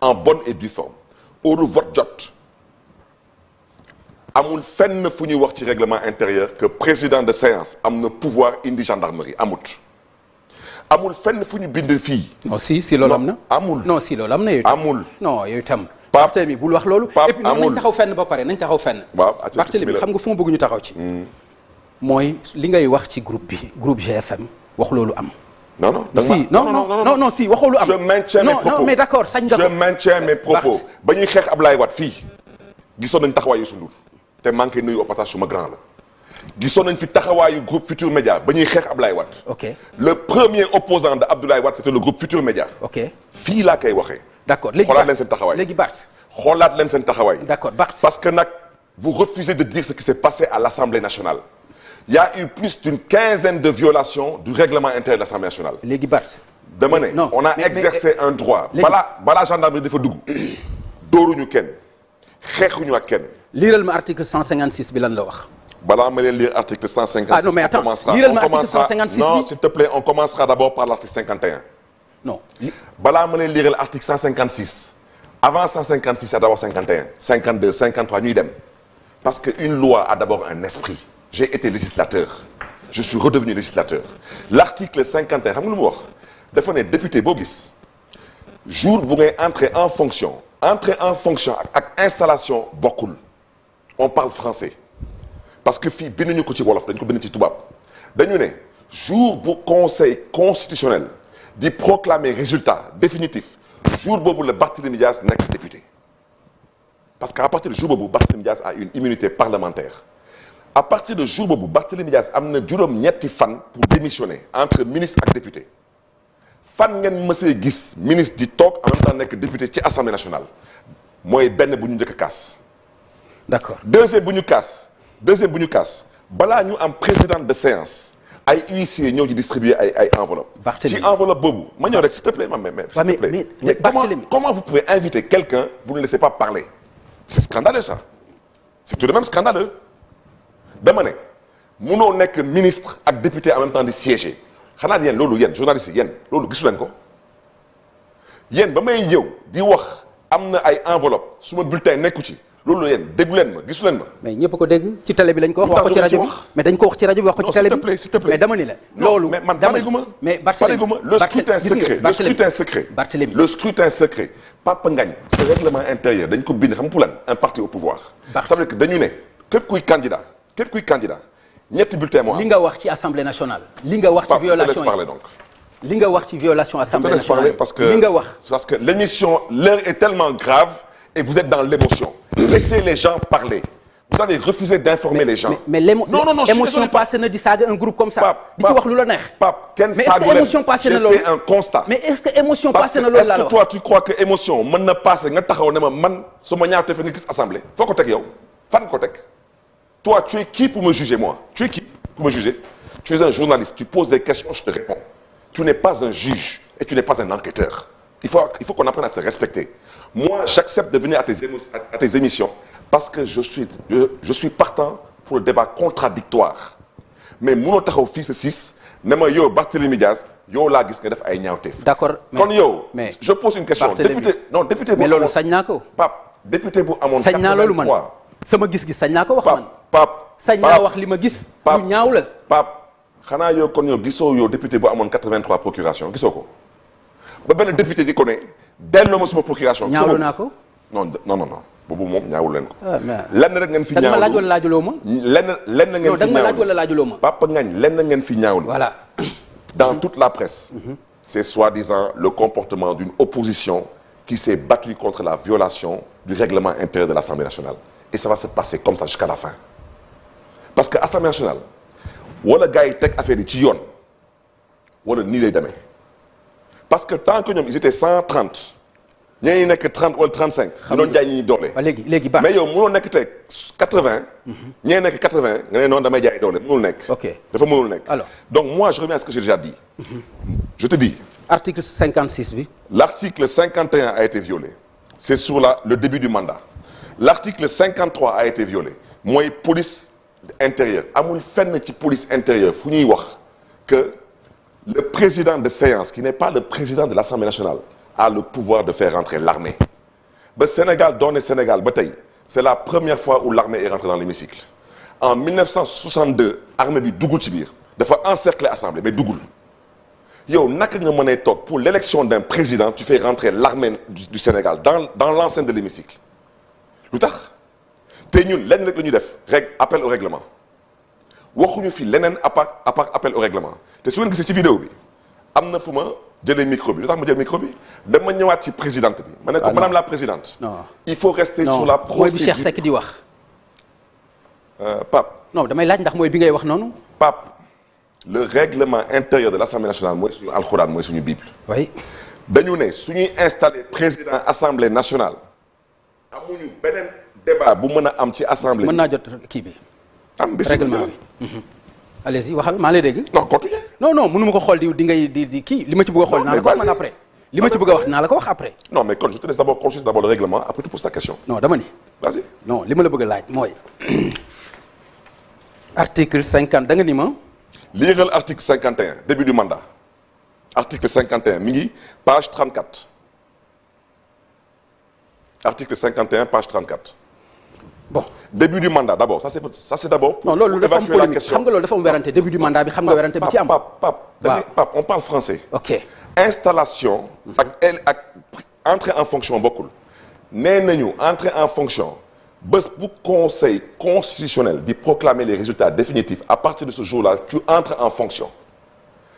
en bonne et due forme heure vote jot amul fenn fu ñuy wax ci règlement intérieur que président de séance am na pouvoir indi gendarmerie amut amul fenn fu ñu bind fii. non si si loolu am na. amul non si loolu am na yooyu tam. amul non yooyu tam. Pape Barthélemy bul wax loolu. Pape amul et nañ taxaw fenn ba pare nañ taxaw fenn. waaw Barthélemy xam nga fu ma bëgg ñu taxaw ci. Hmm. mooy li ngay wax ci groupe bi groupe GFM wax loolu am. non non si non non non non si waxoo am. je maintiens mes propos non non mais d'accord sañ nga ko. je maintiens mes propos ba ñuy xeex Ablaye Wade fii gisoon nañ taxawaayu Youssou Ndour te manqué nuyu au passage suma grand la. gisoon nañ fi taxawaayu groupe Futur Média ba ñuy xeex Ablaye Wade. ok le premier opposant de Abdoulaye Wade c'était le groupe laa koy waxee. d'accord léegi xoolaat leen seen taxawaay léegi Bart. xoolaat leen seen taxawaay. d'accord Bart parce que à l'Assemblée nationale. Il y a eu de violations du règlement interne de l'Assemblée nationale. léegi a mais, exercé mais, un droit. léegi balaa kenn xeexuñu ak kenn. liiral ma bi lan la wax. balaa ma leen lire article 156. ah non mais attends liiral ma article 156 non s'il te plaît on commencera d'abord par l'article 51. non balaa ma leen liiral article 156. avant ñuy dem parce que une loi a d'abord un esprit j'ai été législateur je suis redevenu législateur l'article 51 xam nga lu mu wax jour bu ngay entrer en fonction entrer en fonction ak installation bokkul on parce que fii bi nañu ko ci wolof dañ ko bind ci tubaab dañu ne jour bu conseil constitutionnel di proclamer résultat définitif jour boobu la Barthélémy Dias nekk député parce que à partir de jour boobu Barthélémy Dias a une immunité parlementaire à partir de jour boobu Barthélémy Dias am na juróom-ñetti fan pour démissionner entre ministre ak député fan ngeen mësee gis ministre di toog en même temps nekk député ci assemblée nationale mooy benn bu ñu njëkk a kaas. d'accord bu ñu kaas. deuxième bu ñu kaas balaa ñu am président de séance ay huissiers ñëw ci distribuer ay ay enveloppe ci enveloppe boobu ma ñëw rek s'il te plaît ma mais mais s'il te plaît mais comment comment vous pouvez inviter quelqu'un vous ne laissez pas parler c'est scandaleux ça c'est tout de même scandaleux dama ne munoo nekk ministre ak député en même temps di siéger xanaa yéen loolu yéen journaliste yéen loolu gisu leen ko yéen ba may ñëw di wax am na ay enveloppe suma bulletin nekku ci loolu yéen déggu leen ma gisu leen ma mais ñëpp ko dégg ci télé bi lañ ko wax wax ko ci rajo bi mais dañ ko wax ci rajo bi wax ko ci télé bi s'il te plaît mais dama ni la loolu mais man pareeguma mais pareeguma le scrutin secret le scrutin secret Barthélémy le scrutin secret Papa Ngagne ce règlement intérieur dañ ko bind xam pour lan un parti au pouvoir ça veut dire que dañu ne képp kuy candidat képp kuy candidat ñetti bulletin moo am li nga wax ci assemblée nationale li nga wax ci violation parler donc li nga wax ci violation assemblée nationale parce que li nga wax parce que l'émission l'heure est tellement grave et vous êtes dans l'émotion laissez les gens parler vous avez refusé d'informer les gens. non non non émotion passée na di saaga un groupe comme ça. di ci wax lu la neex. Pape kenn saagu leen j'ai un constat. est-ce que émotion que est-ce que toi na passé nga ne ma man su ma ñaar nga gis assemblée. foo ko teg fan ko toi tu es qui pour me juger tu es qui pour me juger tu n'es pas un juge et tu n'es pas un enquêteur il faut qu'on apprenne à se respecter. Moi, j'accepte de venir à tes, à tes émissions parce que je suis, je, je suis partant pour le débat contradictoire mais mënoo taxaw fii sa siis ne ma yow Barthélémy Diaz yow laa gis nga def ay ñaawteef. d'accord mais kon yow. mais je pose une question député non député. bu amoon mais loolu sañ naa ko. Pape député bu amoon. sañ naa loolu man gis-gis sañ naa ko wax man. Pape sañ naa wax li ma gis. Pape lu ñaaw la. Pape xanaa yow kon yow gisoo yow député bu amoon 83 procuration gisoo ko ba benn député di ko ne. delloo ma suma procuration. ñaawlu naa ko non non non boobu moom ñaawul leen ko. Ah, lenn rek ngeen fi. ñaawlu da nga ma len wala laajuloo ma. lenn lenn ngeen fi ñaawlu da nga ma laaj wala laajuloo ma. Papa Ngagne lenn ngeen fi ñaawlu. voilà dans toute la presse. Mm-hmm. Mm-hmm. c'est soi-disant le comportement d'une opposition qui s'est battue contre la violation du règlement intérieur de l'Assemblée nationale et ça va se passer comme ça jusqu'à la fin parce que Assemblée nationale wala gars yi teg affaire yi ci yoon wala nii lay demee. parce que tant que ñoom ils étaient cent trente ñeneen ñi nekk trente wala cinq. xam doole. léegi léegi baax mais yow mënoo nekk tey quatre vingt. ñeneen nekk quatre vingt nga damay jaay doole mënul nekk. ok dafa mënul nekk. alors donc moi je reviens à ce que article cinquante six bi. l' article cinquante et un a été violé. c' la le début du mandat. l' article cinquante trois mooy police intérieure amul fenn ci police intérieure fu ñuy wax le président de séance qui n'est le président de l'Assemblée nationale a le pouvoir de faire rentrer l'armée ba Sénégal doone Sénégal ba tey c'est la première fois où l'armée est rentrée dans l'hémicycle en 1962 armée bi duggul ci biir dafa encercler assemblée mais duggul yow naka nga mën a toog pour l'élection d'un président tu fais rentrer l'armée du Sénégal dans dans l'enceinte de l'hémicycle lu tax te ñun lenn rek la ñuy def rek appel au règlement waxuñu fi leneen à apar à part appel au règlement te su ngeen gisee ci vidéo bi am na fu ma jëlee micro bi lu tax ma jël micro bi dama ñëwaat ci présidente bi. ma ne ko ah, madame la présidente. non il faut rester non. la. procédure mooy bi di wax. Euh, Pape. non damay laaj ndax mooy bi ngay wax noonu. Pape le règlement intérieur de l'Assemblée nationale mooy suñu alxuraan mooy suñu bible. oui dañu ne suñuy installé président assemblée nationale amuñu beneen débat bu mën a am ci assemblée. man naa jot kii bi. am règlement bi mhm. allez-y waxal maa lay dégg. non continué. non non mënu ma ko xool di di ngay di di kii li ma ci bëgg a xool. naa la ko wax après li ma ci bëgg wax naa la ko wax après. non mais kon je te laisse d'abord consulter d'abord le règlement après tu poses ta question. non dama ni. la bëgg a laaj mooy. article cinquante da nga ni ma. liiral article cinquante et un début du mandat article cinquante page trente quatre article page bon début du mandat d' abord ça c' est ça c' est d' abord. non loolu dafa am am werante début du mandat bi xam nga werante bi ci am. Pape Pape Pape on parle français. ok installation. ak ak en fonction bokkul. nee nañu entrée en fonction bés bu conseil constitutionnel di proclamer les résultats définitifs à partir de ce jour là tu entres en fonction.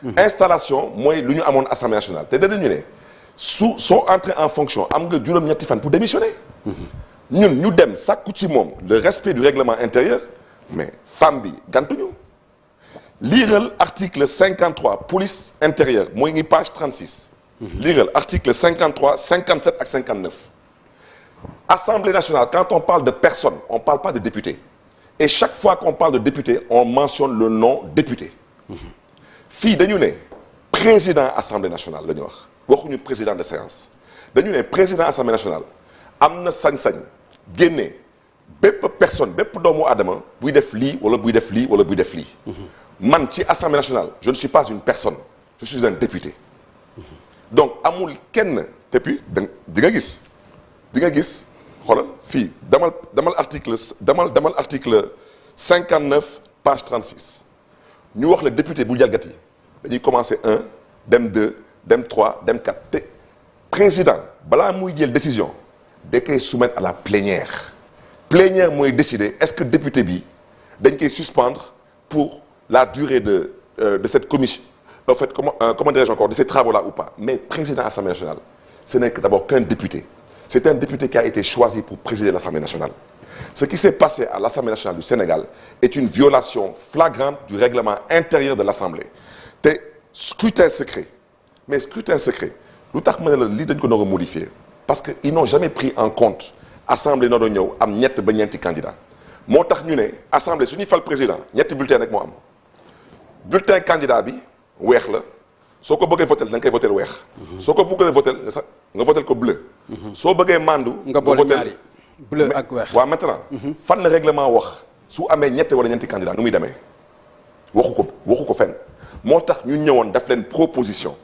Mhm. installation mooy lu ñu amoon assemblée nationale te danañu ne su soo entré en fonction am nga juróom fan pour démissionner. Mhm. ñun ñu dem sàkku ci moom le respect du règlement intérieur mais femme bi gantuñu liiral article 53 police intérieure mooy ngi page 36 liiral article 53 57 ak 59 Assemblée nationale quand on parle de personne on parle pas de député et chaque fois qu'on parle de député on mentionne le nom député fii dañu ne président Assemblée nationale la ñu wax waxuñu président de séance dañu ne président Assemblée nationale am na sañ génne bépp personne bépp doomu aadama buy def lii wala buy def lii wala buy def lii. man ci assemblée nationale je ne suis pas une personne je suis un député. donc amul kenn te puis da di nga gis di nga gis fii damal damal article damal damal article cinquante neuf page trente ñu wax la député bu jalgati dañuy commencer un dem deux dem trois dem quatre te président balaa muy jël décision. da koy soumettre à la plénière plénière mooy décider est-ce que député bi dañ koy suspendre pour la durée de euh, de cette commission en fait comment euh, comment dirais-je encore de ces travaux-là ou pas mais président Assemblée nationale ce n'est que d'abord qu'un député c'est un député qui a été choisi pour présider l'Assemblée nationale ce qui s'est passé à l'Assemblée nationale du Sénégal est une violation flagrante du règlement intérieur de l'Assemblée te secret mais scrutin lu tax ma ne lii dañ ko nar a modifier parce que ils n'ont jamais pris en compte assemblée na ñëw am ñett ba ñeenti candidat moo tax ñu ne assemblée su ñuy fal président ñetti bulletin rek moo am bulletin candidat bi weex la soo ko bëggee votel da nga koy votel weex soo ko bëggee votel nga nga votel ko bleu soo bëggee mandu nga boole ñaari bleu ak weex waaw maintenant fan la règlement wax su amee ñett wala ñeenti candidat nu muy demee waxu ko waxu ko fenn moo tax ñu ñëwoon daf leen proposition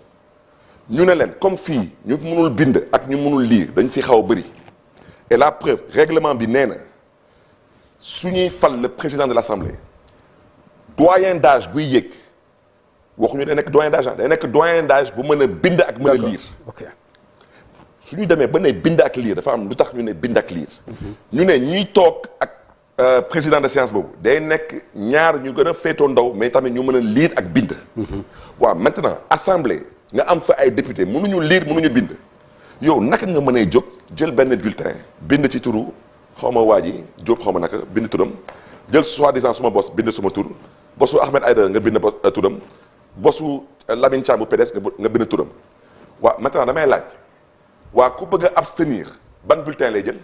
ñu ne leen comme fii ñu mënul bind ak ñu mënul lire dañ fi xaw a bëri et la preuve règlement bi nee na su ñuy fal le président de l'assemblée doyen d'âge buy yéeg waxuñu day nekk doyen d'âge ah, day nekk doyen d'âge bu mën a bind ak mën a lire ok su ñu demee ba ne bind ak lire dafa am lu tax ñu ne bind ak lire mhm. ñu ne ñuy toog ak euh, président de séance boobu day nekk ñaar ñu gën a féetoo ndaw mais tamit ñu mën a liir ak bind mhm. waa maintenant assemblée nga am fa ay député mënuñu lire mënuñu bind yow naka nga mënee jóg jël benn bulletin bind ci turu xaw ma waa ji Diop xaw ma naka bind turam jël soi-disant suma bos bind suma tur bosu Ahmed Aïdara nga bind ba euh, turam bosu Lamine Thiam bu PDS nga bind turam waaw maintenant damay laaj waa ku bëgg a abstenir ban bulletin lay jël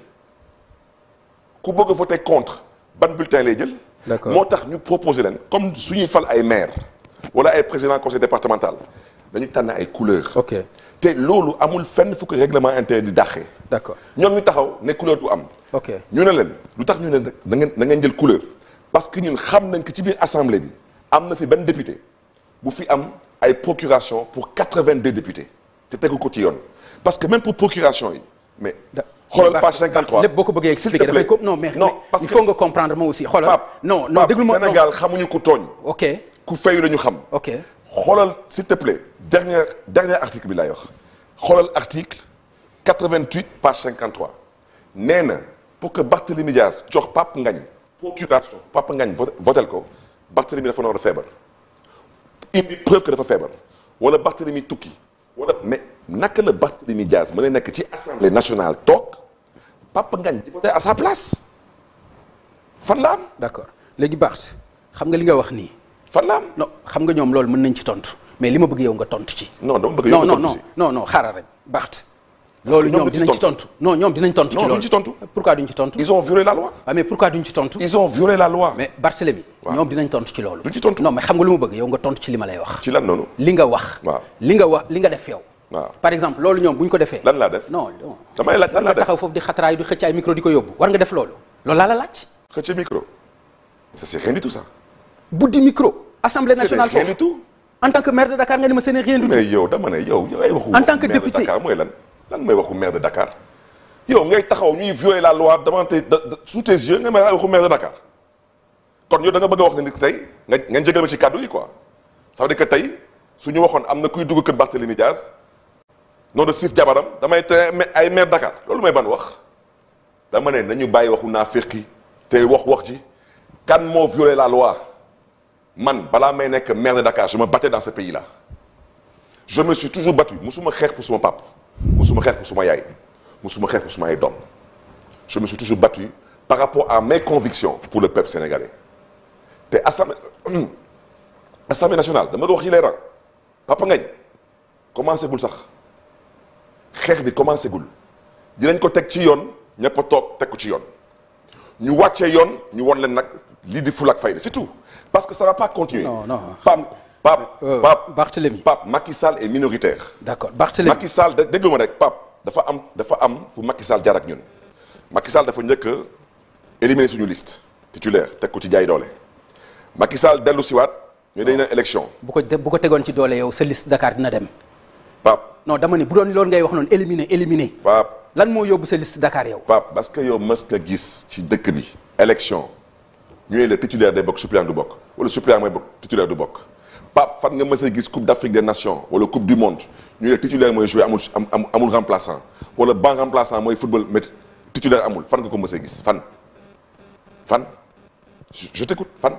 ku bëgg a voter contre ban bulletin lay jël. d'accord moo tax ñu proposer leen comme suñuy fal ay mair wala ay président conseil départemental. dañu tànn ay couleur ok te loolu amul fenn fukk règlement intérieur di dàqee d'accord ñoom ñu taxaw ne couleur du am ok ñu ne leen lu tax ñu ne na ngeen na ngeen jël couleur parce que ñun xam nañ que ci biir assemblée bi am na fi benn député bu fi am ay procuration pour quatre-vingt-deux députés te tegu ko ci yoon parce que même pour procuration yi mais xoolal page 53 lépp boo ko bëggee expliquer dafay ko non mais non parce que il faut nga comprendre ma aussi xoolal non non déglu Sénégal xamuñu ku tooñ ok ku fayu lañu xam xoolal si te plaît dernier dernier article bi laay wax xoolal article 88 page 53 nee na pour que Barthélémy Dias jox papp ngañ procuration Pape Ngagne votel ko Barthélémy dafa noor a feebar indi preuve que dafa feebar wala mi tukki wala mais naka la mi jaas mën na nekk ci assemblée national toog Pape ngañ di à sa place fan la am d'accord léegi baax Barth xam nga li nga wax nii fan la am non xam nga ñoom loolu mën nañ ci tontu mais li ma bëgg yow nga tontu ci. non dama bëgg yow nga tontu si non non non xaaral rek baxte. loolu ñoom dinañ ci tontu non ñoom dinañ tontu. ci loolu duñ ci tontu. pourquoi duñ ci tontu. ils ont violé la loi. waaw ah, mais pourquoi duñ ci tontu. ils ont violé la loi. mais Barthélemy. waaw ñoom dinañ tontu ci loolu. duñ ci tontu non mais xam nga lu ma bëgg yow nga tontu ci li ma lay wax. ci lan noonu. li nga wax. waaw li nga wax li nga def yow. waaw par exemple loolu ñoom bu ñu ko defee. lan laa def non non. damay laaj lan laa def taxaw foofu di xatraay di xëcc ay micro di ko yóbbu war nga def loolu. loolu laa la laaj. xëcc micro ça c'est rien du tout ça buddi micro. assemblée nationale foofu en tant que maire de Dakar nga ni ma seen rien du tout. mais yow dama ne yow yow ay waxu. en tant que député mooy lan lan mooy waxu maire de Dakar. yow ngay taxaw ñuy violer la loi devant tes sous tes yeux nga may waxu maire de Dakar kon yow da bëgg a wax ne ni tey nga nga njëgal ci kàddu yi quoi ça veut dire que tey su ñu waxoon am na kuy dugg kër Barthélémy Diaz noonu siif jabaram damay tere ay maire Dakar loolu may ban wax dama ne nañu bàyyi waxu naa féqi te wax wax ji kan moo la loi. man balaa may nekk maire de Dakar je me battais dans ce pays là je me suis toujours battu musuma xeex pour suma pap musuma xeex pour suma yaay musuma xeex pour suma ay doom je me suis toujours battu par rapport à mes convictions pour le peuple sénégalais te assemblée assemblée national dama ko wax ci leeral Papa Ngagne commencé gul sax xeex bi commencé gul dinañ ko teg ci yoon ñëpp a toog teg ko ci yoon ñu wàccee yoon ñu won leen nag. lii di fulak fayda c'est tout parce que ça va pas continuer. non non PAM. Pape euh, Pape Barthélémy Pape Macky Sall est minoritaire. d'accord Barthélémy Macky Sall déglu ma rek dafa am dafa am fu Macky Sall jaar ak ñun. Macky Sall dafa njëkk a éliminer suñu liste titulaire teg ko ci jaay doole Macky Sall dellu siwaat ñu dañu ne élection. bu ko bu ko tegoon ci doole yow sa liste Dakar dina dem. Pape non dama ni bu doon loolu ngay wax noonu éliminer éliminer. Pape lan moo yóbbu sa liste Dakar yow. pap parce que yow mës nga ci dëkk bi. élection. ñu ne la titulaire day bokk suppléant du bokk wala suppléant mooy bokk titulaire du bokk Pape fan nga mës a gis coupe d' Afrique des nations wala coupe du monde ñu ne titulaire mooy joué amul am amul remplaçant wala ban remplaçant mooy football mais titulaire amul fan nga ko mës a gis fan fan je t'écoute fan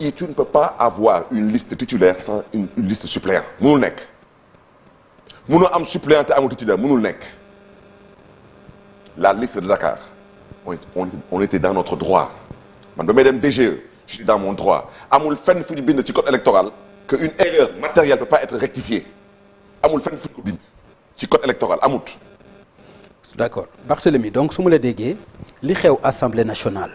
et tu ne peux pas avoir une liste titulaire sans une, liste suppléant mënul nekk mënoo am suppléant te amul titulaire mënul nekk la liste de Dakar on on était dans notre droit man ba may dem DGE je suis dans mon droit amul fenn fu ñu bind ci code électoral que une erreur matérielle peut pas être rectifiée amul fenn fu ñu ko bind ci code électoral amut. d'accord Barthélémy donc su ma la déggee li xew assemblée nationale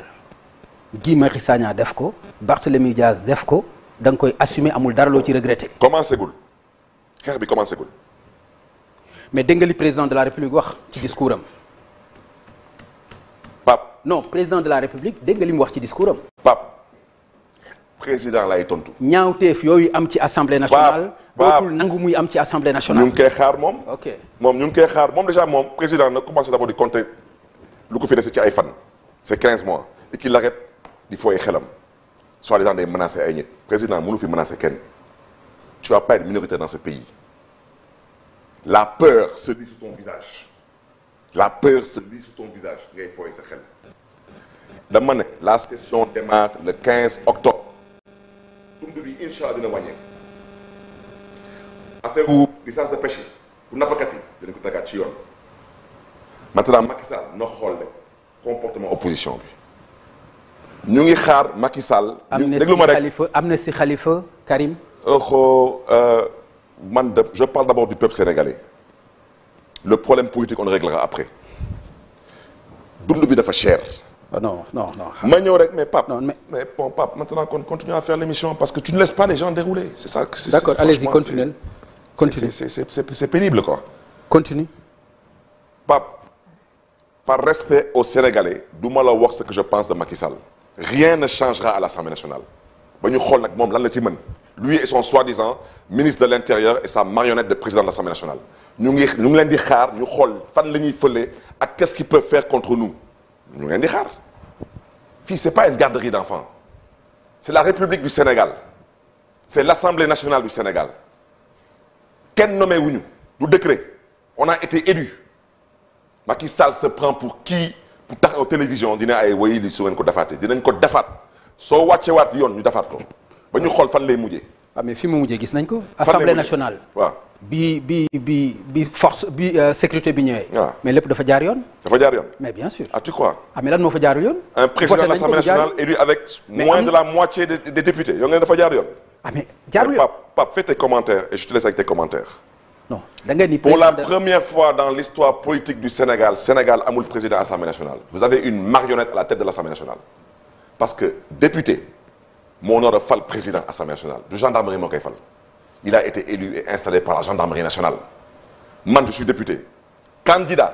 Guy Marius Sagna def ko Barthélémy Diaz def ko da nga koy assumer amul dara loo ci regretter. commencé gul xeex bi commencé gul. mais dégg nga li président de la république wax ci discours am. Pape non président de la république dégg nga li mu wax ci discours am. président la lay tontu. ñaawteef yooyu am ci assemblée nationale. dootul nangu muy am ci assemblée nationale. ñu ngi koy xaar moom. ok moom ñu ngi koy xaar moom déjà moom président nag commencé d'abord di compter lu ko fi dese ci ay fan. c'est 15 mois et qu'il arrête di fooy xelam soit disant day menacer ay nit président mënu fi menacer kenn tu vas pas être minoritaire dans ce pays la peur se lit sur ton visage. la peur se lit sur ton visage ngay fooy sa xel dama ne la session démarre le 15 octobre tund bi incha allah dina wàññeeku affaire u licence de pêche pour nappkat yi dinañ ko tagaat ci yoon maintenant Macky Sall na xool le comportement opposition bi ñu ngi xaar Macky Sall déglu ma rek am na si Khalifa Karim oxo euh, de je parle d'abord du peuple sénégalais le problème politique on le réglera après dund bi dafa cher. Ah, non non non. Ah. ma ñëw rek mais Pape. non mais mais bon Pape maintenant qu'on continue à faire l'émission parce que tu ne laisses pas les gens dérouler c'est ça. c'est d'accord allez-y continue continue c'est c'est c'est pénible quoi. continue. Pape par respect aux Sénégalais du ma la wax ce que je pense de Macky Sall. rien ne changera à l'Assemblée nationale ba ci mën lui et son soi-disant ministre de l'Intérieur et sa marionnette de président de l'Assemblée nationale. ñu ngi ñu ngi leen di xaar ñu xool fan la ñuy fële ak kes ce qu'ils peuvent faire contre nous ñu ngi leen di xaar fii c'est pas une garderie d'enfants c'est la République du Sénégal c'est l'Assemblée nationale du Sénégal kenn nommé wuñu du décret on a été élu Macky Sall se prend pour qui pour taxaw télévision dina ay woy li su ngeen ko defaatee dinañ ko defaat soo wàccewaat yoon ñu defaat ko ba ñu xool fan lay mujjee. waaw ah, mais fi mu mujjee gis nañ ko. assemblée nationale waaw. bi bi bi bi force bi euh, sécurité bi ñëwee. waaw ah. mais lépp dafa jaar yoon. dafa jaar yoon mais bien sûr. ah tu crois. ah mais lan moo fa jaarul yoon. un président de l'Assemblée nationale élu avec. moins de la moitié des députés yoo ngi ne dafa jaar yoon. ah mais euh, fais tes commentaires et je te laisse avec tes commentaires. non da ngeen ni pour la première fois dans l'histoire politique du Sénégal Sénégal amul président assemblée nationale vous avez une marionnette à la tête de l'assemblée nationale parce que député moo nar a fal président assemblée nationale du gendarmerie moo fal. il a été élu et installé par la gendarmerie nationale man je suis député candidat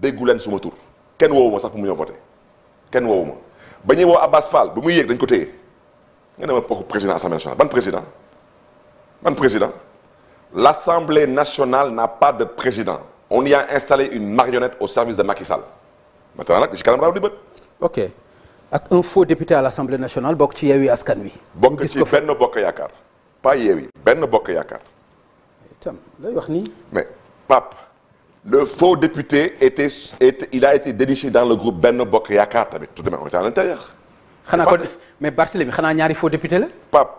déggu leen suma tur kenn woowu ma sax pour mu ñëw voté kenn woowu ma ba ñuy woo Abbas Fall ba muy yéeg dañ ko téye ne ma poku président assemblée nationale ban président ban président l'assemblée nationale n'a pas de président on y a installé une marionnette au service de Macky Sall maintenant nag ci kanam raw di bët ok ak faux député à l'assemblée nationale bokk ci Yewwi Askan Wi bokk ci Benno Bokk Yaakaar pas Yewwi benn bokk yaakaar. itam looy wax nii. mais Pape le faux député était, était il a été déniché dans le groupe benn bokk yaakaar tamit tout de même on était à l'intérieur. xanaa ko mais Barthélémy xanaa ñaari faux député la. Pape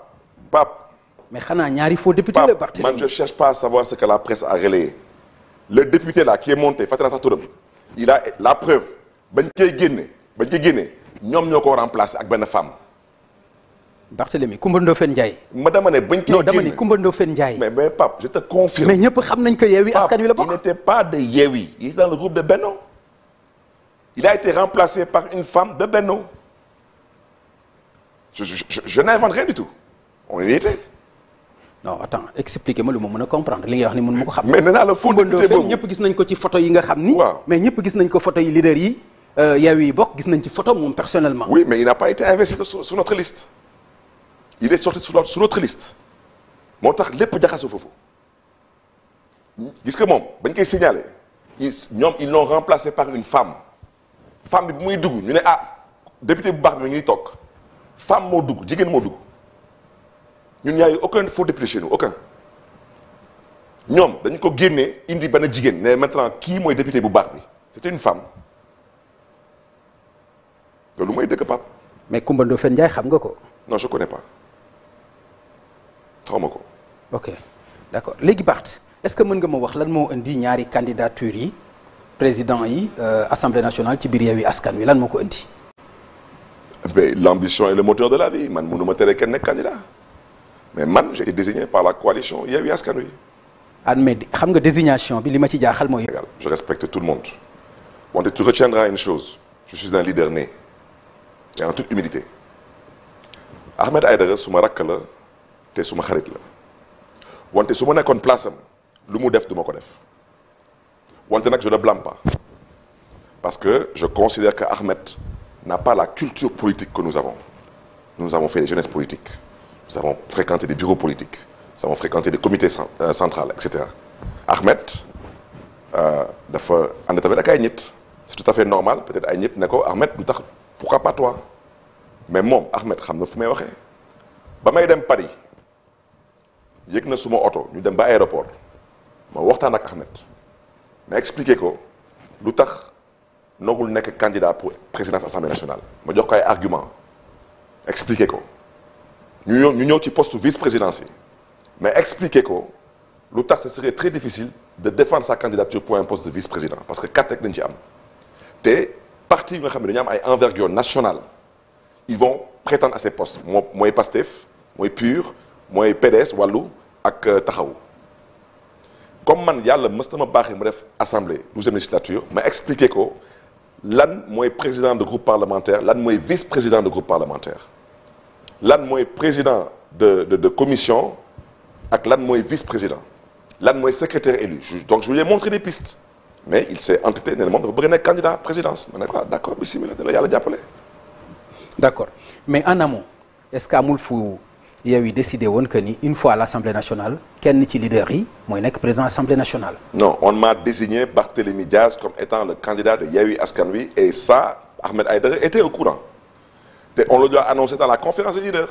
mais xanaa ñaari faux député la Barthélémy man je cherche pas à savoir ce que la presse a relayé le député là qui est monté fàttali naa sax turam il a la preuve bañ koy génne bañ koy génne ñoom ñoo ko remplacé ak benn femme. Barthélémy Coumba Ndoffène Ndiaye. ma dama ne bañ cee génn non dama ne Coumba Ndoffène Ndiaye. mais mais Pape je xam nañ que Yewwi Askan Wi la bokk. il a été remplacé par une femme de Benno. je je je, je n'invente rien du tout on y était. non attends expliquez lu ma mën a comprendre li wax ni mën ma ko xam. mais nee gis nañ ko ci photo yi nga xam ni. waaw mais ñëpp gis nañ ko photo yi leader yi. Euh, Yewwi yi bokk gis nañ ci photo moom personnellement. oui mais il n'a pas été investi sur notre liste. il est sorti sur notre sur notre liste moo tax lépp jaxasoo foofu gis nga moom bañ koy signalé ñoom ils l'ont remplacé par une femme femme bi bu muy dugg ñu ne ah député bu baax bi mi ngi toog femme moo dugg jigéen moo dugg ñun yaayu aucun faux député chez nous aucun ñoom dañ ko génnee indi ba benn jigéen ne maintenant kii mooy député bu baax bi une femme loolu mooy dëgg Pape. mais Coumba Ndoffène njaay xam nga ko. non je connais pas. xawma ko. ok d' accord léegi Barth est ce que mën nga ma wax lan moo indi ñaari candidature yi président yi euh, assemblée nationale ci biir Yewwi Askan Wi lan moo ko indi. mais l' ambition le moteur de la vie man mënu ma tere kenn nekk candidat mais man j'ai été désigné par la coalition Yewwi Askan Wi. ah mais xam nga désignation bi li ma ci jaaxal mooy. je respecte tout le monde wante tu retiendras une chose je suis un leader né en toute humilité Ahmed Aïdara suma rakk la. te suma xarit la wante su ma nekkoon place am lu mu def du ma ko def wante nag je ne blâme pas parce que je considère que Ahmed n'a pas la culture politique que nous avons nous avons fait des jeunesses politiques nous avons fréquenté des bureaux politiques nous avons fréquenté des comités euh, centrales etc Ahmed euh, dafa ànd tamit ak ay nit c'est tout à fait normal peut-être ay nit ne ko du tax pourquoi pas toi mais moom Ahmed xam na fu may waxee ba may dem Paris yëg na suma oto ñu dem ba aéroport ma waxtaan ak Ahmed ma expliqué ko lu tax nogul nekk candidat pour présidence assemblée nationale ma jox ko ay argument expliqué ko ñu ñu ñëw ci poste vice présidence yi mais expliqué ko lu tax ce serait très difficile de défendre sa candidature pour un poste de vice président parce que quatre rek dañ ci am te parti yi nga xam ne dañu am ay envergure nationale ils vont prétendre à ces postes moo mooy PASTEF mooy PUR mooy PDS wallu ak euh, taxaw comme man yàlla mës na ma baaxee ma def assemblée douzième législature ma expliqué ko lan mooy président de groupe parlementaire lan mooy vice président de groupe parlementaire lan mooy président de de de commission ak lan mooy vice président lan mooy secrétaire élu donc je lui ai des pistes mais il s'est entêté ne moom dafa bëgg nekk candidat présidence ma ne ko ah, d' accord bisimilah da la accord mais en amont est ce que amul fu. yow yi décidé woon que ni une fois à l'Assemblée nationale kenn ci leader yi mooy nekk président Assemblée nationale. non on m'a désigné Barthélémy Diaz comme étant le candidat de Yewwi Askan et ça Ahmed Aïdara était au courant te on le doit annoncer dans la conférence des leaders.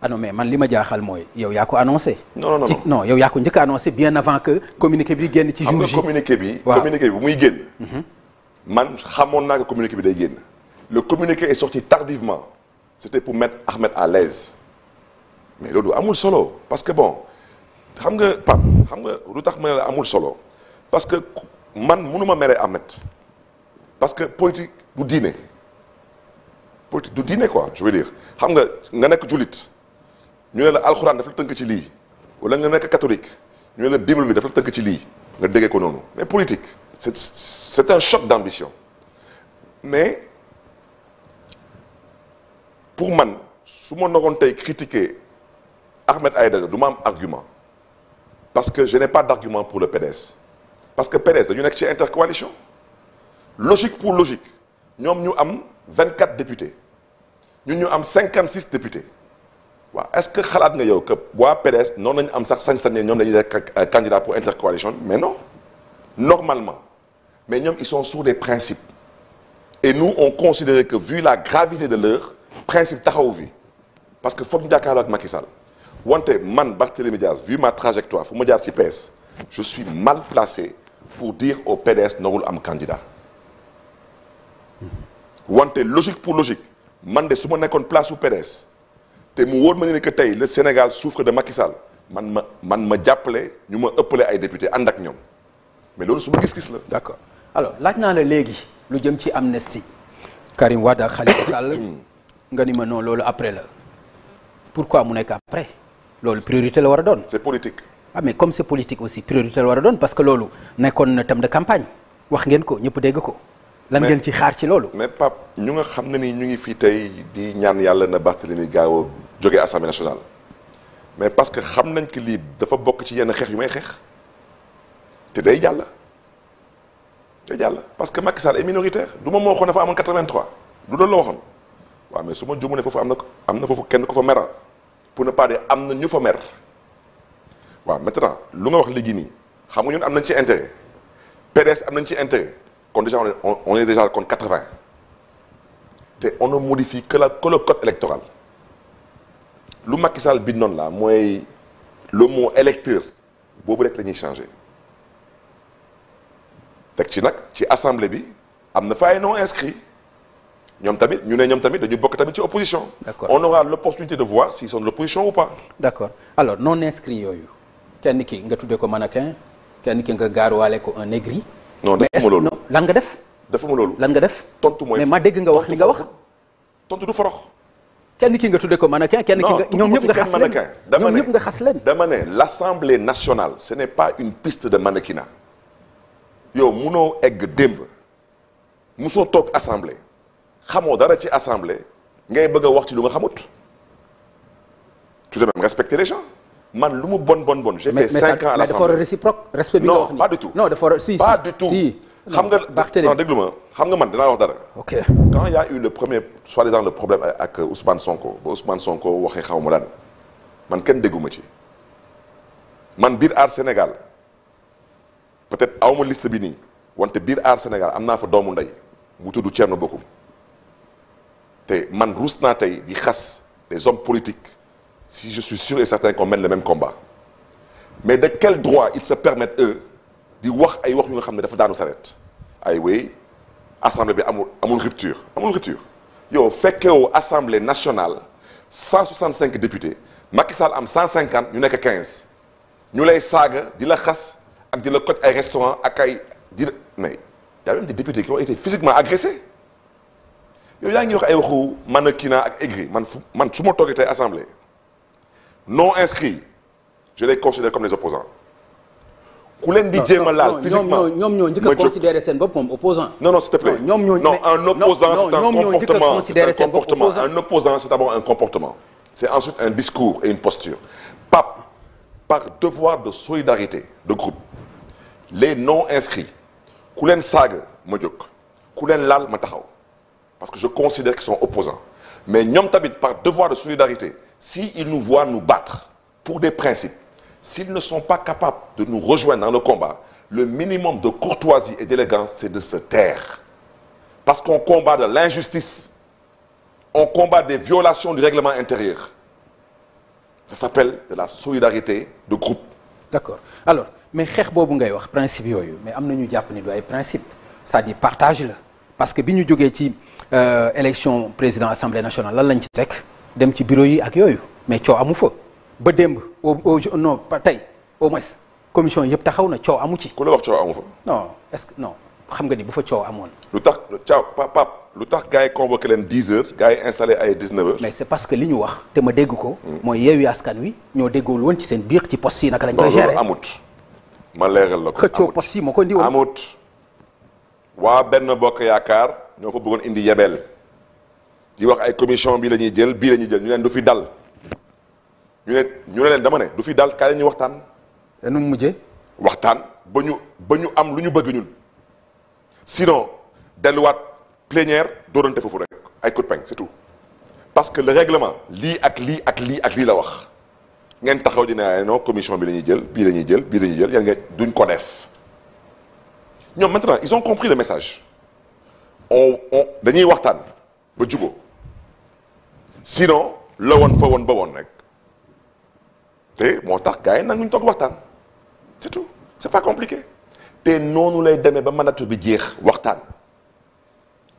ah man li ma jaaxal mooy yow yaa ko annoncé. non non non non yow yaa ko njëkk a annoncé bien avant que communiqué bi génn ci jour J. communiqué bi mhm. man xamoon naa que communiqué bi day génn. le communiqué est sorti tardivement à l'aise mais loolu amul solo parce que bon xam nga Pape xam nga lu tax ma ne la amul solo parce que man ma mere Ahmed parce que politique du diine politique du diine quoi je veux dire xam nga nga nekk jullit ñu ne la alxuraan dafa la tënk ci lii wala nga nekk catholique ñu ne la bible bi dafa la tënk ci lii nga déggee ko noonu mais politique c'est c'est un choc d'ambition mais pour man su ma naroon tey critiquer Ahmed Aïdara du ma am argument parce que je n'ai pas d'argument pour le PDS parce que PDS dañu nekk ci intercoalition logique pour logique ñoom ñu am 24 députés ñun ñu am 56 députés waaw est-ce que xalaat nga yow que waa PDS noonu lañu am sax sañ-sañ ñoom dañuy nekk candidat pour intercoalition mais non normalement mais ñoom ils sont sur des principes et nous on considérait que vu la gravité de l'heure principe taxawu fi parce que foog ñu jàkkaarloo ak Macky Sall wante man Barthélémy Dias vu ma trajectoire fu ma jaar ci PS je suis mal placé pour dire au PDS narul am candidat wante logique pour logique man de su ma nekkoon place su PDS te mu wóor ma ne que tey le Sénégal souffre de Macky man ma man ma jàppale ñu ma ëppale ay député ànd ak ñoom mais loolu su ma gis-gis la. d'accord alors laaj naa la léegi lu jëm ci amnistie Karim Wade ak Khalifa Sall hmm. nga ni ma non loolu après la pourquoi mu nekk après. loolu priorité la war a doon. c'est politique. ah mais comme c'est politique aussi priorité la war a doon parce que loolu nekkoon na thème de campagne wax ngeen ko ñëpp dégg ko. lan ngeen ci xaar ci loolu. mais Pape ñu nga xam ni ñu ngi fi tey di ñaan yàlla na Barthélémy gaaw a jógee assemblée nationale mais parce que xam nañ que lii dafa bokk ci yenn xeex yu may xeex te day jàll. day jàll parce que Macky Sall est minoritaire du ma moo waxoon dafa amoon 83 du loolu la waxoon waaw mais su ma juumalee foofu am na am na foofu kenn ko fa meral pour ne pas am na ñu fa mer waaw maintenant lu nga wax léegi nii xam nga ñun am nañ ci intérêt PDS am nañ ci intérêt kon déjà on on est déjà kon 80 te on ne modifie que la que le électoral lu Macky Sall bi noon laa mooy le mot électeur boobu rek la ñuy changé teg ci nag ci assemblée bi am na fa ay non ñoom tamit ñu ne ñoom tamit ñu bokk tamit ci opposition. d'accord on aura l'opportunité de voir s'ils sont de l'opposition ou pas. d'accord alors non inscrits yooyu kenn ki nga tuddee ko mannequin kenn ki nga gaaruwaale ko un négri. non defuma loolu lan nga def. defuma loolu lan nga def. tontu mooy mais ma dégg nga wax li nga wax. tontu du forox. kenn ki nga tuddee ko mannequin kenn ki nga ñoom ñëpp nga xas leen ñoom nga xas leen. dama ne l'Assemblée nationale ce n'est pas une piste de mannequinat yow munoo egg démb musoo toog assemblée. xamoo dara ci assemblée ngay bëgg a wax ci lu nga xamut tout de même respecter les gens man lu mu bon bon bon. j'ai fait cinq ans à l'assemblée mais dafa war a réciproque respect bi nga wax nii non pas du tout. non dafa war a si si pas du tout xam nga non déglu ma xam nga man dinaa wax dara. ok quand il y a eu le premier soi-disant le problème ak Ousmane Sonko ba Ousmane Sonko waxee xaw ma lan man kenn dégguma ci man biir aar Sénégal peut-être awma liste bi nii wante biir aar Sénégal am naa fa doomu ndey mu tudd Thierno Bocoum. te man ruus naa tey di xas les hommes politiques si je suis sûr et certain qu'on mène le même combat mais de quel droit ils se permettent eux di wax ay wax yu nga xam ne dafa daanu saret ay wéy assemblée bi amul amul rupture amoon rupture yow fekkeewu assemblée nationale 165 députés Macky Sall am 150 ñu nekk quinze ñu lay saaga di la xas ak di la code ay restaurant ak ay di mais y a même des députés qui ont été physiquement agressés yow yaa ngi wax ay waxu man mannequinat ak aigri man fu man su ma toogee tey assemblée non inscrits je les considère comme les opposants ku leen di jéem a laal physiquement ñoom ñoo njëkk a considéré seen bopp moom opposant non non s'il ñoo non un opposant c'est un comportement c'est un comportement un opposant c'est d'abord un comportement c'est ensuite un discours et une posture Pape par devoir de solidarité de groupe les non inscrits ku leen saaga ma jóg leen laal ma taxaw parce que je considère qu'ils sont opposants mais ñoom tamit par devoir de solidarité si ils nous voient nous battre pour des principes s'ils ne sont pas capables de nous rejoindre dans le combat le minimum de courtoisie et d'élégance c'est de se taire parce qu'on combat de l'injustice on combat des violations du règlement intérieur ça s'appelle de la solidarité de groupe d'accord alors mais xeex boobu ngay wax principe yooyu mais am na ñu jàpp ni ay principe cest partage la parce que ñu jógee ci Euh, élection président assemblée nationale lan lañ ci teg dem ci bureau yi ak yooyu mais coow amu fa ba démb au non tey au moins commission yëpp taxaw na coow amu ci. ku la wax coow amu fa. non est-ce que non xam nga ni bu fa coow amoon. lu tax caaw pap lu tax gars yi convoqué leen 10 heures gars yi installé ay 19 heures. mais c'est parce que li ñu wax te ma dégg ko. Mm. mooy yeewi askan wi ñoo déggool woon ci seen biir ci post yi naka lañ koy gere amut. ma leeral la ko amut xëccoo poste yi moo ko indi woon amut. waa benn bokk yaakaar. ñoo fa bëggoon indi yebeel di wax ay commission bi lañuy jël bii la ñuy jël ñu leen du fi dal ñu ne ñu leen dama ne du fi dal kaay la ñuy waxtaan. te nu mu mujjee. waxtaan ba ñu am lu ñu bëgg ñun sinon delluwaat plénière doorante foofu rek ay coup de c'est tout parce que le règlement lii ak lii ak lii ak lii la wax ngeen taxaw di ne non commission bi la ñuy jël bii la ñuy jël bii la jël yan nga duñ ko def ñoom maintenant ils ont compris le message. on on dañuy waxtaan ba jubóo sinon la woon fa woon ba woon rek te moo tax gars yi nag ñu toog waxtaan c'est tout c'est pas compliqué te noonu lay demee ba manatu bi jeex waxtaan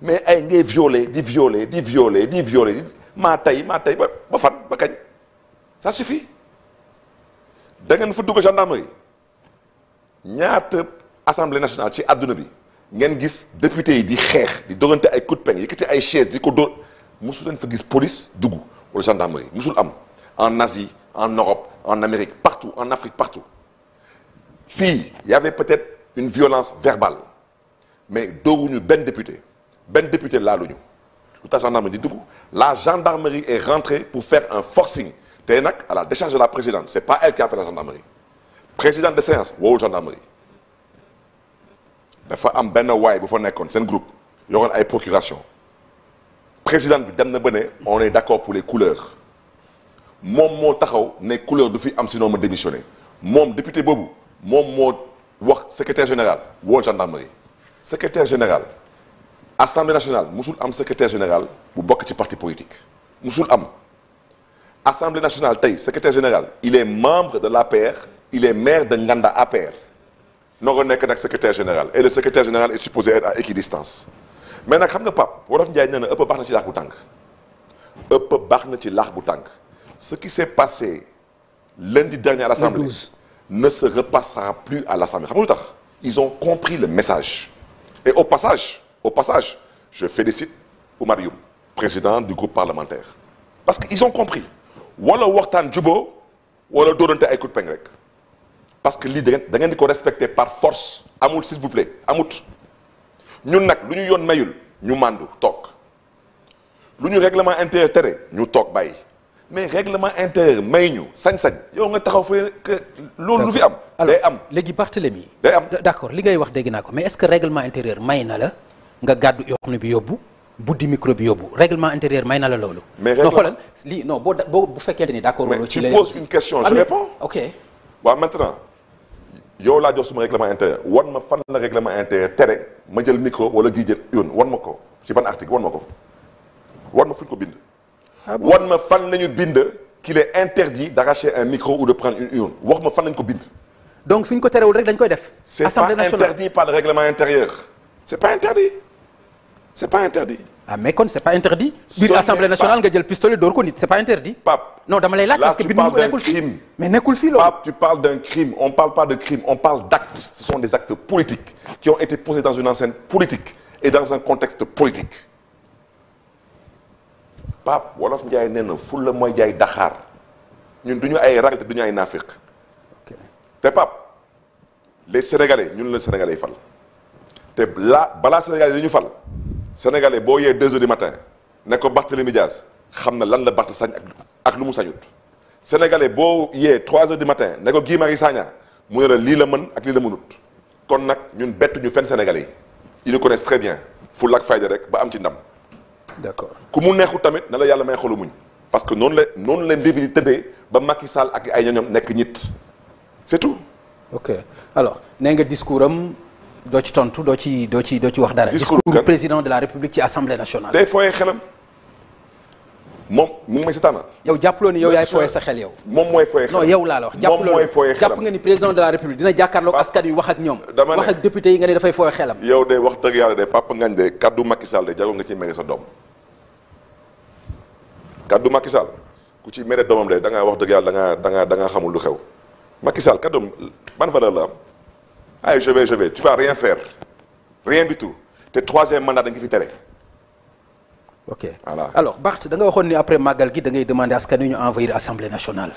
mais ay ngay violer di viole di viole di violer maa tey maa tey ba ba fan ba kañ ça suffit da ngeen fa dugg gendarmerie ñaata assemblée nationale ci àdduna bi. ngeen gis député yi di xeex di dogante ay coup de poing yëkkati ay chaise di ko dóor mosu leen fa gis police dugg wala gendarmerie mosul am en Asie en Europe en Amérique partout en Afrique partout fii y avait peut-être une violence verbale mais dóoruñu benn député benn député laaluñu lu tax gendarmerie di dugg la gendarmerie est rentrée pour faire un forcing tey nag à la décharge de la présidente c'est pas elle qui appelle la gendarmerie présidente de séance dafa am benn waaye bu fa nekkoon seen group yoroon ay procuration président bi dem na ba ne on est d'accord pour les couleurs moom moo taxaw ne couleur du fi am sinon ma démissionné moom député boobu moom moo wax secrétaire général woo gendarmerie secrétaire général assemblée nationale musul am secrétaire général bu bokk ci parti politique musul am assemblée nationale tey secrétaire général il est membre de l'APR il est maire de Nganda APR noo nekk nag secrétaire général et le secrétaire général est supposé à équidistance mais nag xam nga Pape Wolof Njaay nee na ëpp baax na ci laax bu tàng ëpp baax na ci laax bu tàng ce qui s'est passé lundi dernier à l'Assemblée ne se repassera plus à l'Assemblée xam nga lu tax ils ont compris le message et au passage au passage je félicite Oumar Youm président du groupe parlementaire parce que ils ont compris wala waxtaan juboo wala doonante ay coup de peigne parce que lii da ngeen di ko respecter par force amul s'il vous plaît amut ñun nag lu ñu yoon mayul ñu màndu toog lu ñu règlement intérieur tere ñu toog bàyyi mais règlement intérieur may ñu sañ-sañ yow nga taxaw fa loolu lu fi am. day am léegi Barthélémy day am d'accord li ngay wax dégg naa ko mais est-ce que règlement intérieur may na la nga gàddu yoxnu bi yóbbu. buddi micro bi yóbbu règlement intérieur may na la loolu. mais non xoolal lii non boo boo bu fekkente ni d'accord. la tu poses une question yow laa jox suma règlement intérieur wan ma fan la règlement intérieur tere ma jël micro wala jii jël yoon wan ma ko ci ban article wan ma ko wan ma fu ñu ko bind. Ah wan ma fan lañu bind qu'il est interdit d'arracher un micro ou de prendre une urne wax ma fan la ko bind. donc suñ ko terewul rek dañ koy def. assemblée nationale c'est pas interdit par le règlement intérieur. c'est pas interdit c'est pas interdit. ah mais kon c'est pas interdit. biir assemblée nationale nga jël pistolet door ko nit c'est pas interdit. Pape non dama lay laaj parce que biir mu nekkul fii tu parles d'un crime on parle pas de crime on parle d'actes ce sont des actes politiques qui ont été posés dans une enceinte politique et dans un contexte politique. Pape wolof Ndiaye nee na fulla mooy jaay daxaar ñun du ay ragal te du ñu ay naafiq te Pape les sénégalais ñun la sénégalais yi fal te la balaa sénégalais yi ñu fal. sénégalais boo yee deux heures du matin ne ko Barthélémy Dias xam na lan la Barth sañ ak lu mu sañut sénégalais boo yee trois heures du matin ne ko Guy Marius Sagna mu ne la lii la mën ak lii la mënut kon nag ñun bettu ñu fenn sénégalais yi ils nous connaissent très bien fulla ak fayda rek ba am ci ndam. d'accord ku mu neexut tamit na la yàlla may xolu muñ parce que noonu la noonu la mbir bi di tëddee ba Macky Sall ak ay ñoñom nekk ñit c'est tout. ok alors nee doo ci tontu doo ci doo ci doo ci wax dara. discours président de la république ci assemblée nationale. day fooyee xelam moom mu ngi may seetaan ah. yow jàppaloo yow yaay fooyee sa xel yow. moom mooy fooyee xelam yow laa la wax. moom mooy fooyee xelam jàpp nga ni président de la république dina jàkkaarloog askan wi wax ak ñoom. dama wax ak député yi nga ne dafay fooyee xelam. yow day wax dëgg yàlla de Papa Ngagne de kaddu Macky Sall de jago nga ci mere sa doom kaddu Macky Sall ku ci mere doomam de da ngaa wax dëgg yàlla da ngaa da ngaa lu xew Macky Sall kaddu ban valeur la am ay je vais je vais tu vas rien faire rien du tout te troisième mandat da nga fi tere. ok voilà alors Bart da waxoon ni après màggal gi da ngay demander askan wi ñu envahir assemblée nationale.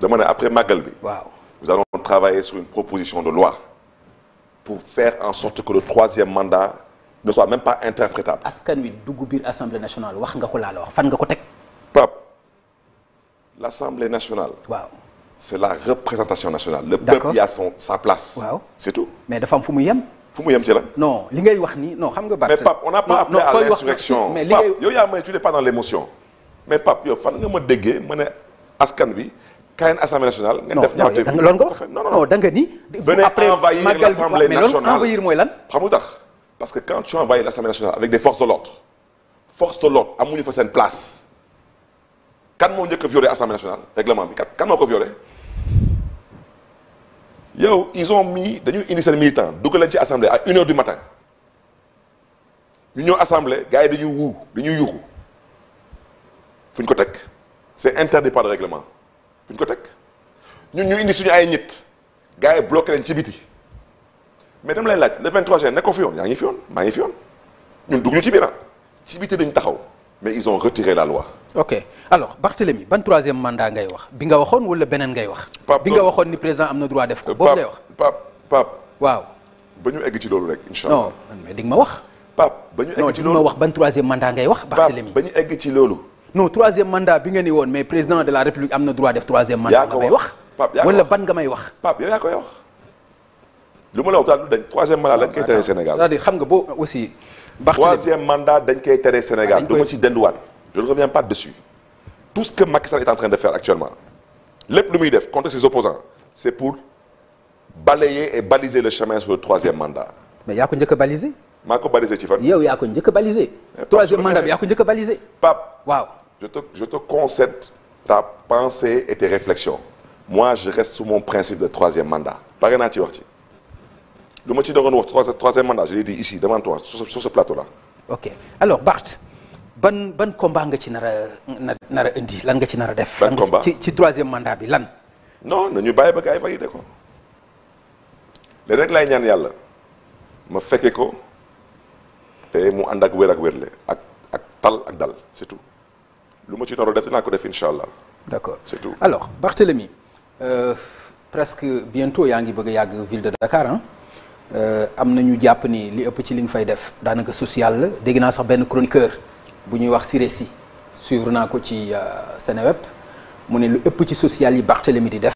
dama ne après màggal bi. waaw nous allons travailler sur une proposition de loi pour faire en sorte que le troisième mandat ne soit même pas interprétable. askan wi dugg biir assemblée nationale wax nga ko laal la wax fan nga ko teg. Pape l'assemblée nationale. waaw. c'est la représentation nationale. le peuple y a son sa place. waaw c'est tout. mais dafa am fu mu la. non li ngay wax ni non xam nga. mais Pape on n'a pas appelé à l'insurrection mais li ngay Pape yow yaa may tu n'es pas dans l'émotion mais Pape yow fan nga ma déggee ma ne askan bi kaay assemblée nationale. nga def ñaawte non loolu non non da ni. après envahir l'assemblée nationale mais loolu envahir mooy lan. de l'ordre force de l'ordre amuñu fa seen place kan moo njëkk a violé assemblée nationale règlement bi yow ils ont mis dañu indi seen militant dugg lañ ci assemblée à une heure du matin ñu ñëw assemblée gars yi dañuy wuu dañuy yuuxu fu ñu ko teg c'est interdit par le règlement fu ñu ko teg ñun ñu indi suñu ay nit gars yi bloqué leen ci biti mais dama lay laaj le 23 juin ne ko fi yoon yaa ngi fi yoon maa ngi fi yoon ñun dugg ñu ci biir ah. ci biti dañ taxaw. mais ils ont retiré la loi. ok alors Barthélémy ban troisième mandat ngay wax bi nga waxoon wala beneen ngay wax. bi nga waxoon ni président am na droit def ko. boobu ngay wax loolu rek incha allah ma wax. Pape wax ban troisième mandat ngay wax. Barthélémy Pape ba ñu egg ci loolu. non troisième mandat bi nga ni woon mais président de la république am na droit def troisième mandat. nga may wax wala ban nga may wax. Pape yow yaa koy wax. lu ma la wax daal du dañ troisième mandat lañ koy ah, tere Sénégal. xam nga boo aussi. troisième mandat dañ koy tere Sénégal ah, du ma ci denduwaat je ne reviens pas dessus tout ce que Macky est en train de faire actuellement lépp lu muy def contre ses opposants c'est pour balayer et baliser le chemin sur le troisième mandat mais yaa ko njëkk a baliser maa ko balisé i fan yow yaa ko njëkk a baliser eh, troisième mandat bi yaa ko njëkk a baliser Pape waaw je te je ta pensée et tes réflexions moi je reste sur mon principe de troisième mandat pare naa ci wax ci lu ma ci doon wax troisième troisième mandat je l'ai dit ici devant toi sur ce, plateau là. ok alors Bart ban ban combat nga ci nar a a indi lan nga ci nar a def. ban combat ci ci troisième mandat bi lan. non na ñu bàyyi ba ay yi validé ko léegi rek laay ñaan yàlla ma fekke ko te mu ànd ak wér ak wérle ak ak tal ak dal surtout lu ma ci nar def dinaa ko def incha allah. d'accord c'est tout alors Barthélémy euh, presque bientôt yaa ngi bëgg yàgg ville de Dakar Euh, am na ñu jàpp ni li ëpp ci li nga fay def daanaka social la dégg naa sax benn chroniqueur bu ñuy wax Siré Sy suivre naa ko ci euh, Seneweb mu ne lu ëpp ci social yi Barthélemy di def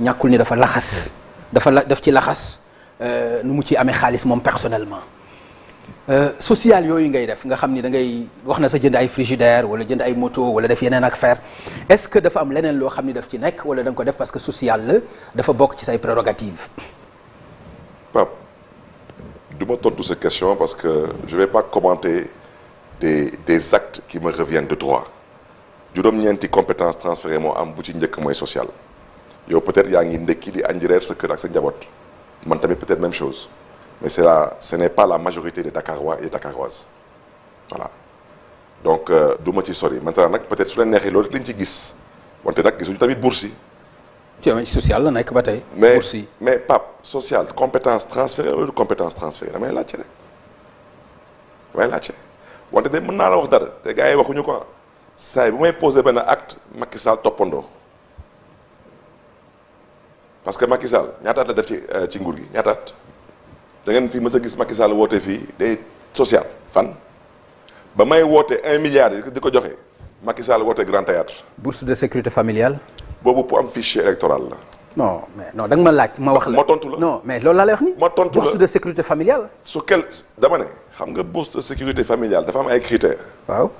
ñàkkul ni dafa laxas dafa la daf ci laxas euh, nu mu ci amee xaalis moom personnellement social yooyu ngay def nga xam ni da ngay wax na sa jënd ay frigidaire wala jënd ay moto wala def yeneen ak faire est-ce que dafa am leneen loo xam ni daf ci nekk wala da ko def parce que social la dafa bokk ci say prérogatives Pape du ma tontu sa question parce que je vais pas commenter des des actes qui me reviennent de droit juróom-ñeenti compétence transférée moo am bu ci njëkk mooy social yow peut yaa ngi ndekki di añ reer sa kër ak sa njaboot man tamit peut-être même chose mais la ce n'est pas la majorité des Dakarois et Dakaroises voilà donc euh, du ma ci sori maintenant nag peut-être su leen neexee loolu lañ ci gis wante nag gisuñu tamit bourse yi ci social la nekk ba tey. bourse yi mais mais Pape social compétence transférée wala compétence transférée damay laajte rek damay laajte wante de mën naa la wax dara te gars yi waxuñu ko saa yi bu may posé benn acte Macky Sall toppandoo parce que Macky Sall ñaata at la def ci euh, ci nguur gi ñaata at da ngeen fi mës a gis Macky Sall woote fii day social fan ba may woote un milliard di ko joxe Macky Sall woote grand théâtre bourse de sécurité familiale. boobu pour am fichier électoral la. non mais non danga ma laaj ma wax la. ma tontu la non mais loolu laa lay wax nii. ma tontu la bourse de sécurité familiale. su quel dama ne xam nga bourse de sécurité familiale dafa am ay critères. waaw.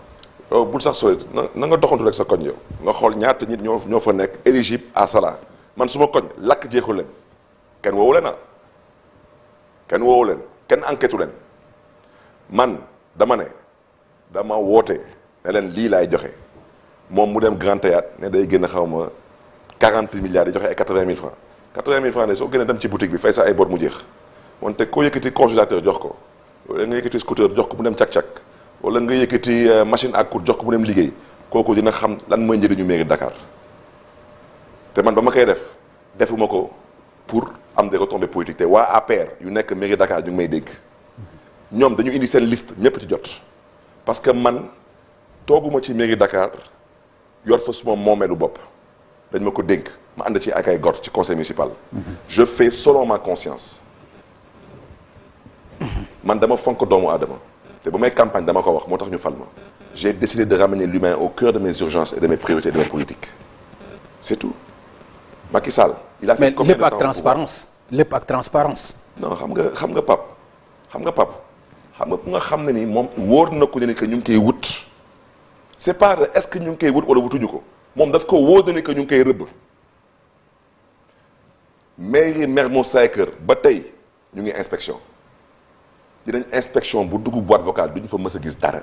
Oh, bul sax sori na nga doxantu rek sa koñ yow nga xool ñaata nit ñoo ñoo fa nekk éligible à cela man su ma koñ lakk jeexu leen kenn woowu leen ah kenn woowu leen kenn enquête leen man dama ne dama woote ne leen lii laay joxe moom mu dem Grand Théâtre day gën xaw ma. 40 milliards yi joxe ay 80 000 francs 80 000 francs ne soo gënee dem ci boutique bi fay sa ay bor mu jeex wante koo yëkkati congélateur jox ko wala nga yëkkati scooter jox ko mu dem cak-cak wala nga yëkkati euh, machine à coudre jox ko mu dem liggéey kooku dina xam lan mooy njëriñu mairie Dakar te man ba ma koy def defuma ko pour am des retombées politiques te waa APR yu nekk mairie Dakar ñu ngi may dégg ñoom dañu indi seen liste ñëpp ci jot parce que man tooguma ci mairie Dakar yor fa suma moomeelu bopp dañ ma ko dénk ma ànd ci ak ay gor ci conseil municipal. je fais selon ma conscience. man dama fonk doomu aadama te ba may campagne dama ko wax moo tax ñu fal ma. j'ai décidé de ramener l'humain au cœur de mes urgences et de mes priorités et de mes politiques c'est tout. Macky Sall il a fait combien de temps mais lépp transparence non xam nga xam nga Pape xam nga Pape xam nga ku nga xam ne ni moom wóor na ko ne ni que ñu ngi koy wut. c'est pas est-ce que ñu ngi koy wut wala wutuñu ko. moom daf ko wóor ne que ñu ngi koy rëbb mairie Mermoz Sacré-Cœur ba tey ñu ngi inspection dinañ inspection bu dugg boîte vocale du ñu fa mës a gis dara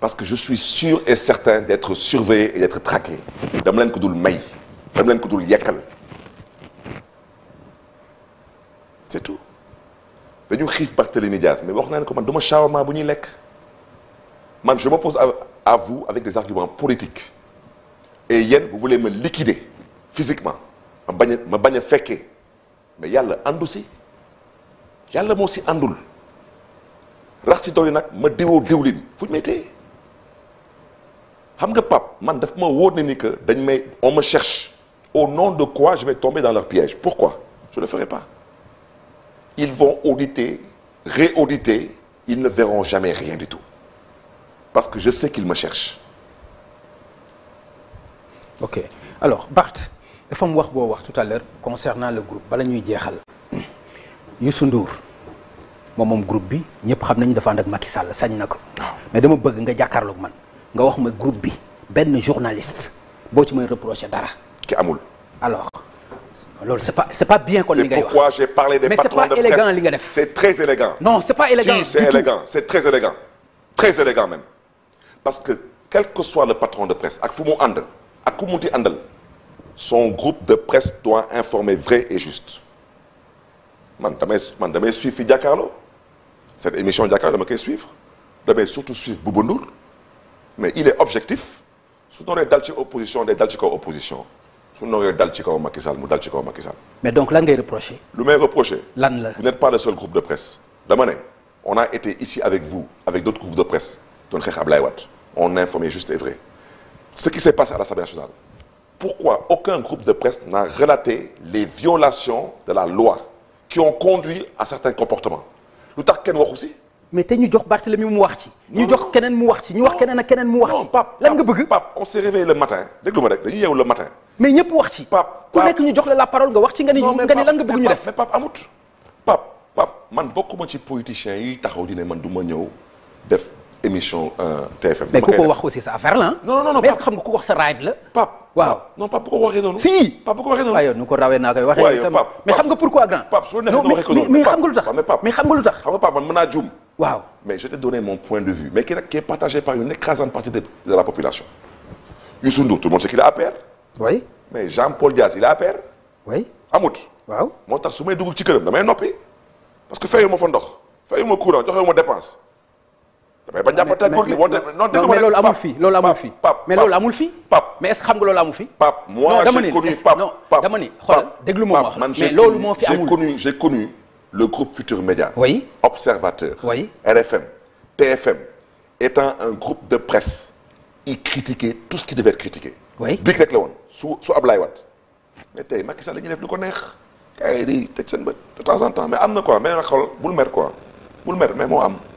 parce que je suis sûr et certain d'être surveillé et d'être traqué dama leen ko dul may dama leen ko dul yekkal c'est tout dañu xiif Barthélémy Dias mais wax naa ne ko man du ma shawarma bu ñuy lekk man je m'oppose à vous avec des arguments politiques et yéen vous voulez me liquider physiquement ma bañ a ma bañ a fekkee mais yàlla àndu si yàlla moo si àndul rax ci dolli nag ma diwoo diwlin fu ñu may téye xam nga Pape man def ma wóor ne ni que dañ may on me cherche au nom de quoi je vais tomber dans leur piège pourquoi je ne le ferai pas ils vont auditer réauditer ils ne verront jamais rien du tout parce que je sais qu'ils me cherchent ok alors Barth dafa mu wax boo wax tout à l'heure concernant le groupe bala ñuy jeexal Youssou Ndour moom moom groupe bi ñëpp xam nañu dafa ànd ak Macky Sall sañ na ko. Ah. mais dama bëgg nga jàkkaarloog man nga wax ma groupe bi benn journaliste boo ci may reprocher dara. ki amul alors. loolu c'est pas c'est pas bien li ngay c'est pourquoi j'ai parlé de presse mais c'est def c'est très élégant. non c'est pas élégant si même parce que quel que soit le patron de presse ak fu mu ànd. ak ku munti àndal son groupe de presse doit informer vrai et juste man damay man damay suivre fi jàkkaarloo cette émission jàkkaarloo dama koy suivre damay surtout suivre Bouba Ndour mais il est objectif su nooree dal ci opposition day dal ci kaw opposition su nooree dal ci kaw Macky Sall mu dal ci kaw Macky Sall. mais donc lan ngay reprocher. lu may reprocher. lan la vous n'êtes pas le seul groupe de presse. dama ne on a été ici avec vous avec d'autres groupes de presse doon xeex Ablaye Wade on informait juste et vrai. ce qui se passe à l'Assemblée nationale. Pourquoi aucun groupe de presse n'a relaté les violations de la loi qui ont conduit à certains comportements lu tax kenn wax aussi. mais te ñu jox Barthélemy mu wax ci. ñu jox keneen mu wax ci ñu wax keneen ak keneen mu wax ci. Pape lan nga bëgg. Pape on s'est réveillé le matin déglu ma le matin. mais ñëpp wax ci. Pape ku nekk ñu jox la la parole nga wax ci nga ni nga ni lan nga bëgg ñu def. mais Pape amut Pape man bokkuma ci politiciens yi taxaw di ne man du ma ñëw def. émission euh, TFM. mais ku ko wax aussi sa affaire la non non non mais est-ce que xam sa raad la. Pape waaw non Pape bu ko waxee noonu. si Pape bu ko waxee noonu. waaw yow nu lu tax mais xam nga lu tax. xam nga Pape man mën naa juum. waaw mais je t'ai donné mon point de vue. mais qui est partagé par une écrasante partie de de la population. Youssou Ndour tout le monde sait qu'il est APR. paul Diaz il est APR. oui amut. waaw moo tax su may dugg ci këram damay noppi parce que fayu ma fa ndox fayu ma courant joxewu damay ba jàpp tey góor gi woote non dégg mais loolu amul fii loolu amul fii mais loolu amul fii pap mais est-ce que xam nga loolu pap moi j'ai connu pap non moo fi amul j'ai connu j'ai connu le groupe Futur Média oui Observateur oui RFM TFM étant un groupe de presse il critiquait tout ce qui devait être critiqué oui biig rek la woon su su Ablaye Wade mais tey Macky Sall la ñuy def lu ko neex gars yi di teg seen bët de temps en am na quoi mais nag xool bul mer quoi bul mer moo am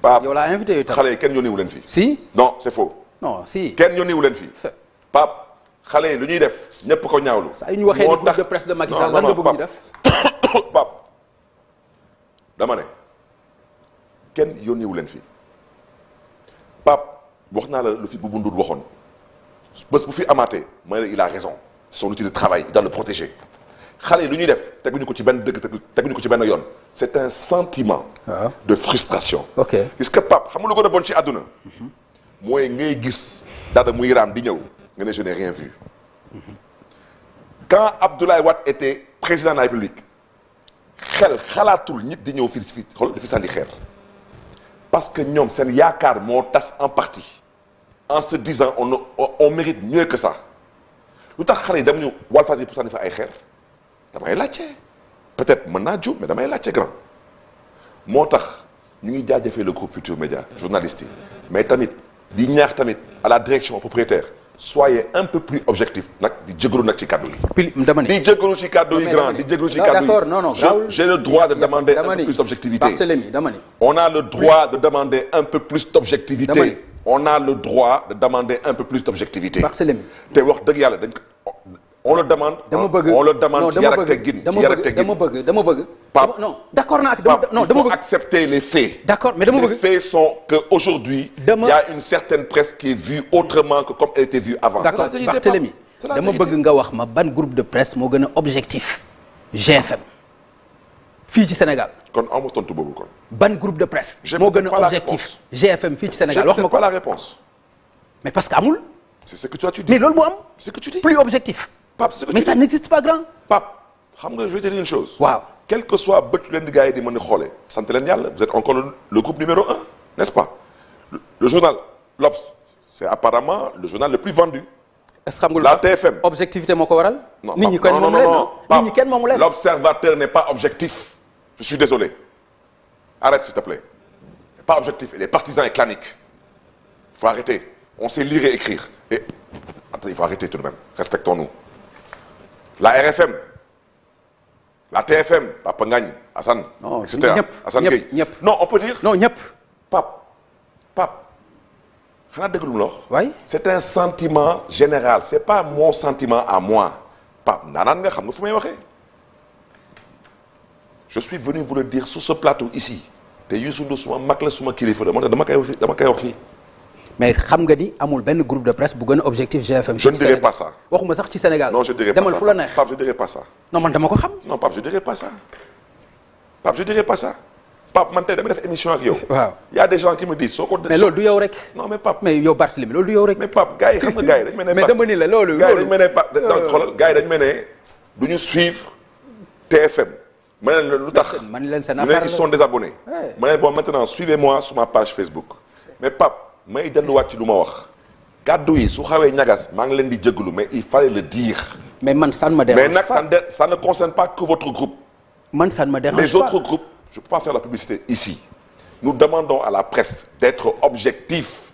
Pape yow laa invité yow tam xale yi kenn yónni wu fi si non c'est faux. non si kenn yónni wu leen fii. Pape xale yi lu ñuy def ñëpp ko ñaawlu. moo tax saa yu waxee ni groupe de presse de Macky Sall lan nga bëgg def. Pape dama kenn yónni wu leen fii Pape wax naa la lu fi bu bundur waxoon bés fi amate ma ne il a raison. son outil de travail dans le protéger. xale yi lu ñuy def teguñu ko ci benn dëgg teguñu ko ci benn yoon c'est un sentiment ah. de frustration ok est-ce que Pape xam nga lu gën a bon ci àdduna mooy ngay gis dara muy raam di ñëw nga ne je n'ai rien vu quand Abdoulaye Wade était président de la République xel xalaatul nit di ñëw fii fii xool dafi parce que ñoom seen yaakaar moo tas en partie en se disant on on mérite mieux que ça lu tax xale yi dem ñu Walfadjri pour sànni fa ay xeer damay laajte peut-être mën naa juum mais damay laajte grand moo tax ñu ngi jaajëfee le groupe Futur Média journaliste yi mais tamit di ñaax tamit à la direction propriétaire soyez un peu plus objectif nag di jégalu nag ci kàddu yi. dama ne di jégalu ci kàddu yi grand di jégalu ci kàddu yi d'accord non non j'ai le droit de demander un peu plus d'objectivité dama ne on a le droit de demander un peu plus d'objectivité on a le droit de demander un peu plus d'objectivité te wax dëgg yàlla dañ ko on le demande. dama bëgg on le demande ci yar ak teggin ci yar ak teggin dama bëgg dama bëgg. Pape non d' accord naa ak dama non dama bëgg il faut accepter les faits. d' les faits sont que aujourd'hui il y a une certaine presse qui est vue autrement que comme elle était vue avant. d' accord Barthélémy dama bëgg nga wax ma ban groupe de presse moo gën a objectif GFM fii ci Sénégal. kon aw ma boobu kon. ban groupe de presse. moo gën a objectif GFM ci Sénégal wax ma ko pas la mais parce que amul. c' est ce que toi tu dis mais loolu moo am. plus objectif. Pape ce que mais ça n'existe pas grand. Pape xam nga je vais te que soit bët leen di gars yi di mën a xoolee. sant leen yàlla vous êtes encore le groupe numéro un n'est-ce pas le journal L'Obs c'est apparemment le journal le plus vendu. la TFM objectivité moo ko waral. non nit ñi kenn moomu leen nit ñi kenn moomu leen. l'observateur n'est pas objectif. je suis désolé arrête s'il te plaît pas objectif il est partisan et clanique il faut arrêter on sait lire écrire et il faut arrêter tout de même respectons-nous. la RFM la TFM Papa Ngagne Assane. non ñëpp Assane Gueye ñëpp non on peut dire. non ñëpp Pape Pape xanaa dëggul loo. waay c'est un sentiment général c'est pa mon sentiment à moi Pape naanaan nga xam nga fu may waxee. je suis venu vous le dire sur ce plateau ici te Youssou Ndour suma mag la suma kilifa la moo tax dama koy dama koy wax fii. mais xam nga ni amul benn groupe de presse bu gën a objectif GFM. je ne dirai pas ça waxuma sax ci Sénégal. non je dirai pas ça non man dama ko xam. non Pape je dirai pas ça Pape je dirai pas ça. Pape man tey dama def émission ak yow. waaw me disent soo ko. rek. non mais Pape mais yow Barthélémy loolu du yow rek. mais Pape gars yi xam nga gars yi dañu mel ne. mais dama ni la loolu. gars yi dañu mel ne Pape euh. donc xoolal gars yi dañu mel ne du may delluwaat ci lu ma wax kàddu yi su xawee ñagas maa ngi leen di jégalu mais il fallait le dire. mais man ça ma me mais nag ça ne ça ne concerne pas que votre groupe. man ça ne me dérange pas les autres groupes je peux pas faire la publicité ici. nous demandons à la presse d'être objectif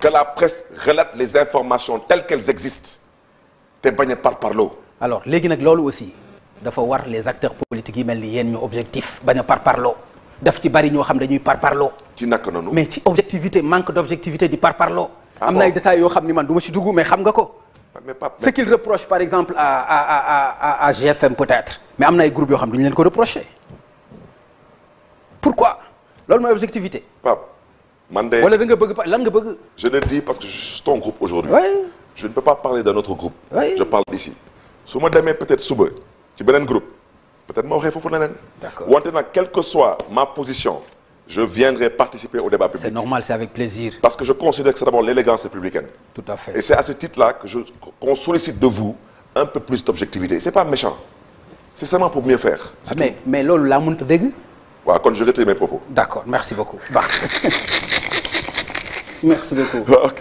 que la presse relate les informations telles qu'elles existent te bañ a parparloo. alors léegi nag loolu aussi dafa war les acteurs politiques yi mel ni yéen ñu objectif bañ par parlo daf ci bari ñoo xam dañuy parparloo. ci naka noonu mais ci objectivité manque d'objectivité di parparloo. Ah am na ay yoo xam ni man du ma ci dugg mais xam nga ko. Ah, mais ce qu'il reproche par exemple à à à à à GFM peut-être. mais am na ay groupes yoo xam duñu leen ko reprocher pourquoi loolu mooy objectivité. Pape man de. wala da nga bëgg pa lan nga bëgg. je le dis parce que ton groupe aujourd'hui oui. je ne peux pas parler d'un autre groupe. je parle d'ici su ma demee peut-être suba ci benen groupe. peut-être ma waxee foofu leneen. d'accord wante nag quelle que soit ma position. je viendrai participer au débat public. C'est normal, c'est avec plaisir. Parce que je considère que c'est d'abord l'élégance républicaine. c'est à ce titre-là que je qu'on de vous un peu plus d'objectivité. C'est pas méchant. C'est seulement pour mieux faire. mais mais loolu laa mënut dégg. waaw kon je retire mes propos. D'accord, merci beaucoup. Bah. merci beaucoup. OK.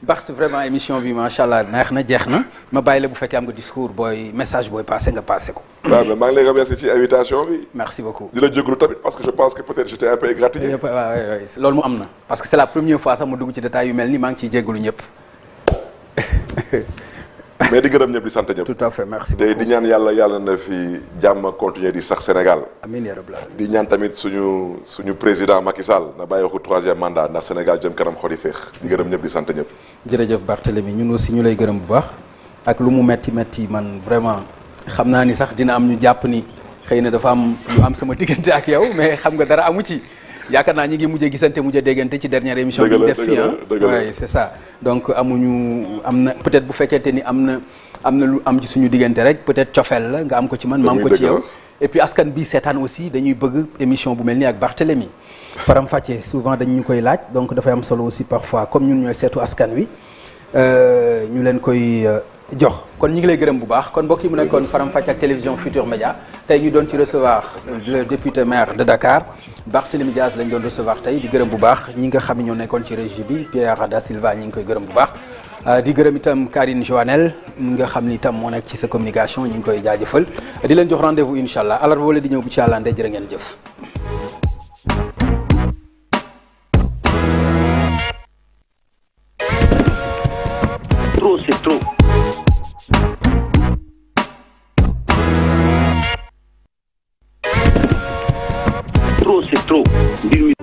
Barth vraiment émission bi macha allah neex na jeex na ma bàyyi la bu fekkee am nga discours booy message booy passé nga passé ko. waaw mais maa ngi lay remercier ci invitation bi. merci beaucoup di la jégalu tamit parce je pense que peut-être j'étais un peu égratigné. waaw waaw am na parce c'est la première fois sax mu dugg ci détail yu mel nii maa ngi ciy jégalu ñëpp. mais di gërëm ñëpp di sant ñëpp. tout à fait merci beaucoup te di ñaan yàlla yàlla na fi jàmm continuer di sax Sénégal. amiin yaa di ñaan tamit suñu suñu président Macky Sall na bàyyi waxu troisième mandat ndax Sénégal jëm kanam xol yi féex di gërëm ñëpp di sant ñëpp. jërëjëf Barthélémy ñun aussi ñu lay gërëm bu baax ak lu mu metti metti man vraiment xam naa ni sax dina am ñu jàpp ni xëy na dafa am lu am sama diggante ak yow mais xam nga dara amu ci yaakaar naa ñi ngi mujjee gisante mujjee déggante ci dernière émission bi def fii ah c'est ça donc amuñu am na peut-être bu fekkente ni am na am na lu am ci suñu diggante rek peut-être cofeel la nga am ko ci man ma am ko ci yow et puis askan bi seetaan aussi dañuy bëgg émission bu mel nii ak Barthélémy faram fàccee souvent dañu ñu koy laaj donc dafay am solo aussi parfois comme ñun ñooy seetu askan wi euh, ñu leen koy euh, jox kon ñu ngi lay gërëm bu baax kon mbokk yi mu nekkoon Faram Facce ak télévision Futur Média tey ñu doon ci recevoir le député maire de Dakar Barthélémy Dias lañ doon recevoir tey di gërëm bu baax ñi nga xam ñoo nekkoon ci régie bi Pierre Da Silva ñi ngi koy gërëm bu baax. Ah, di gërëm itam Karine Joanel mu nga xam ni itam moo nekk ci sa communication ñu ngi koy jaajëfal di leen jox rendez-vous incha allah alarba wala di ñëw bu ci àllande jërë ngeen jëf. c'est c'est trop mbir mi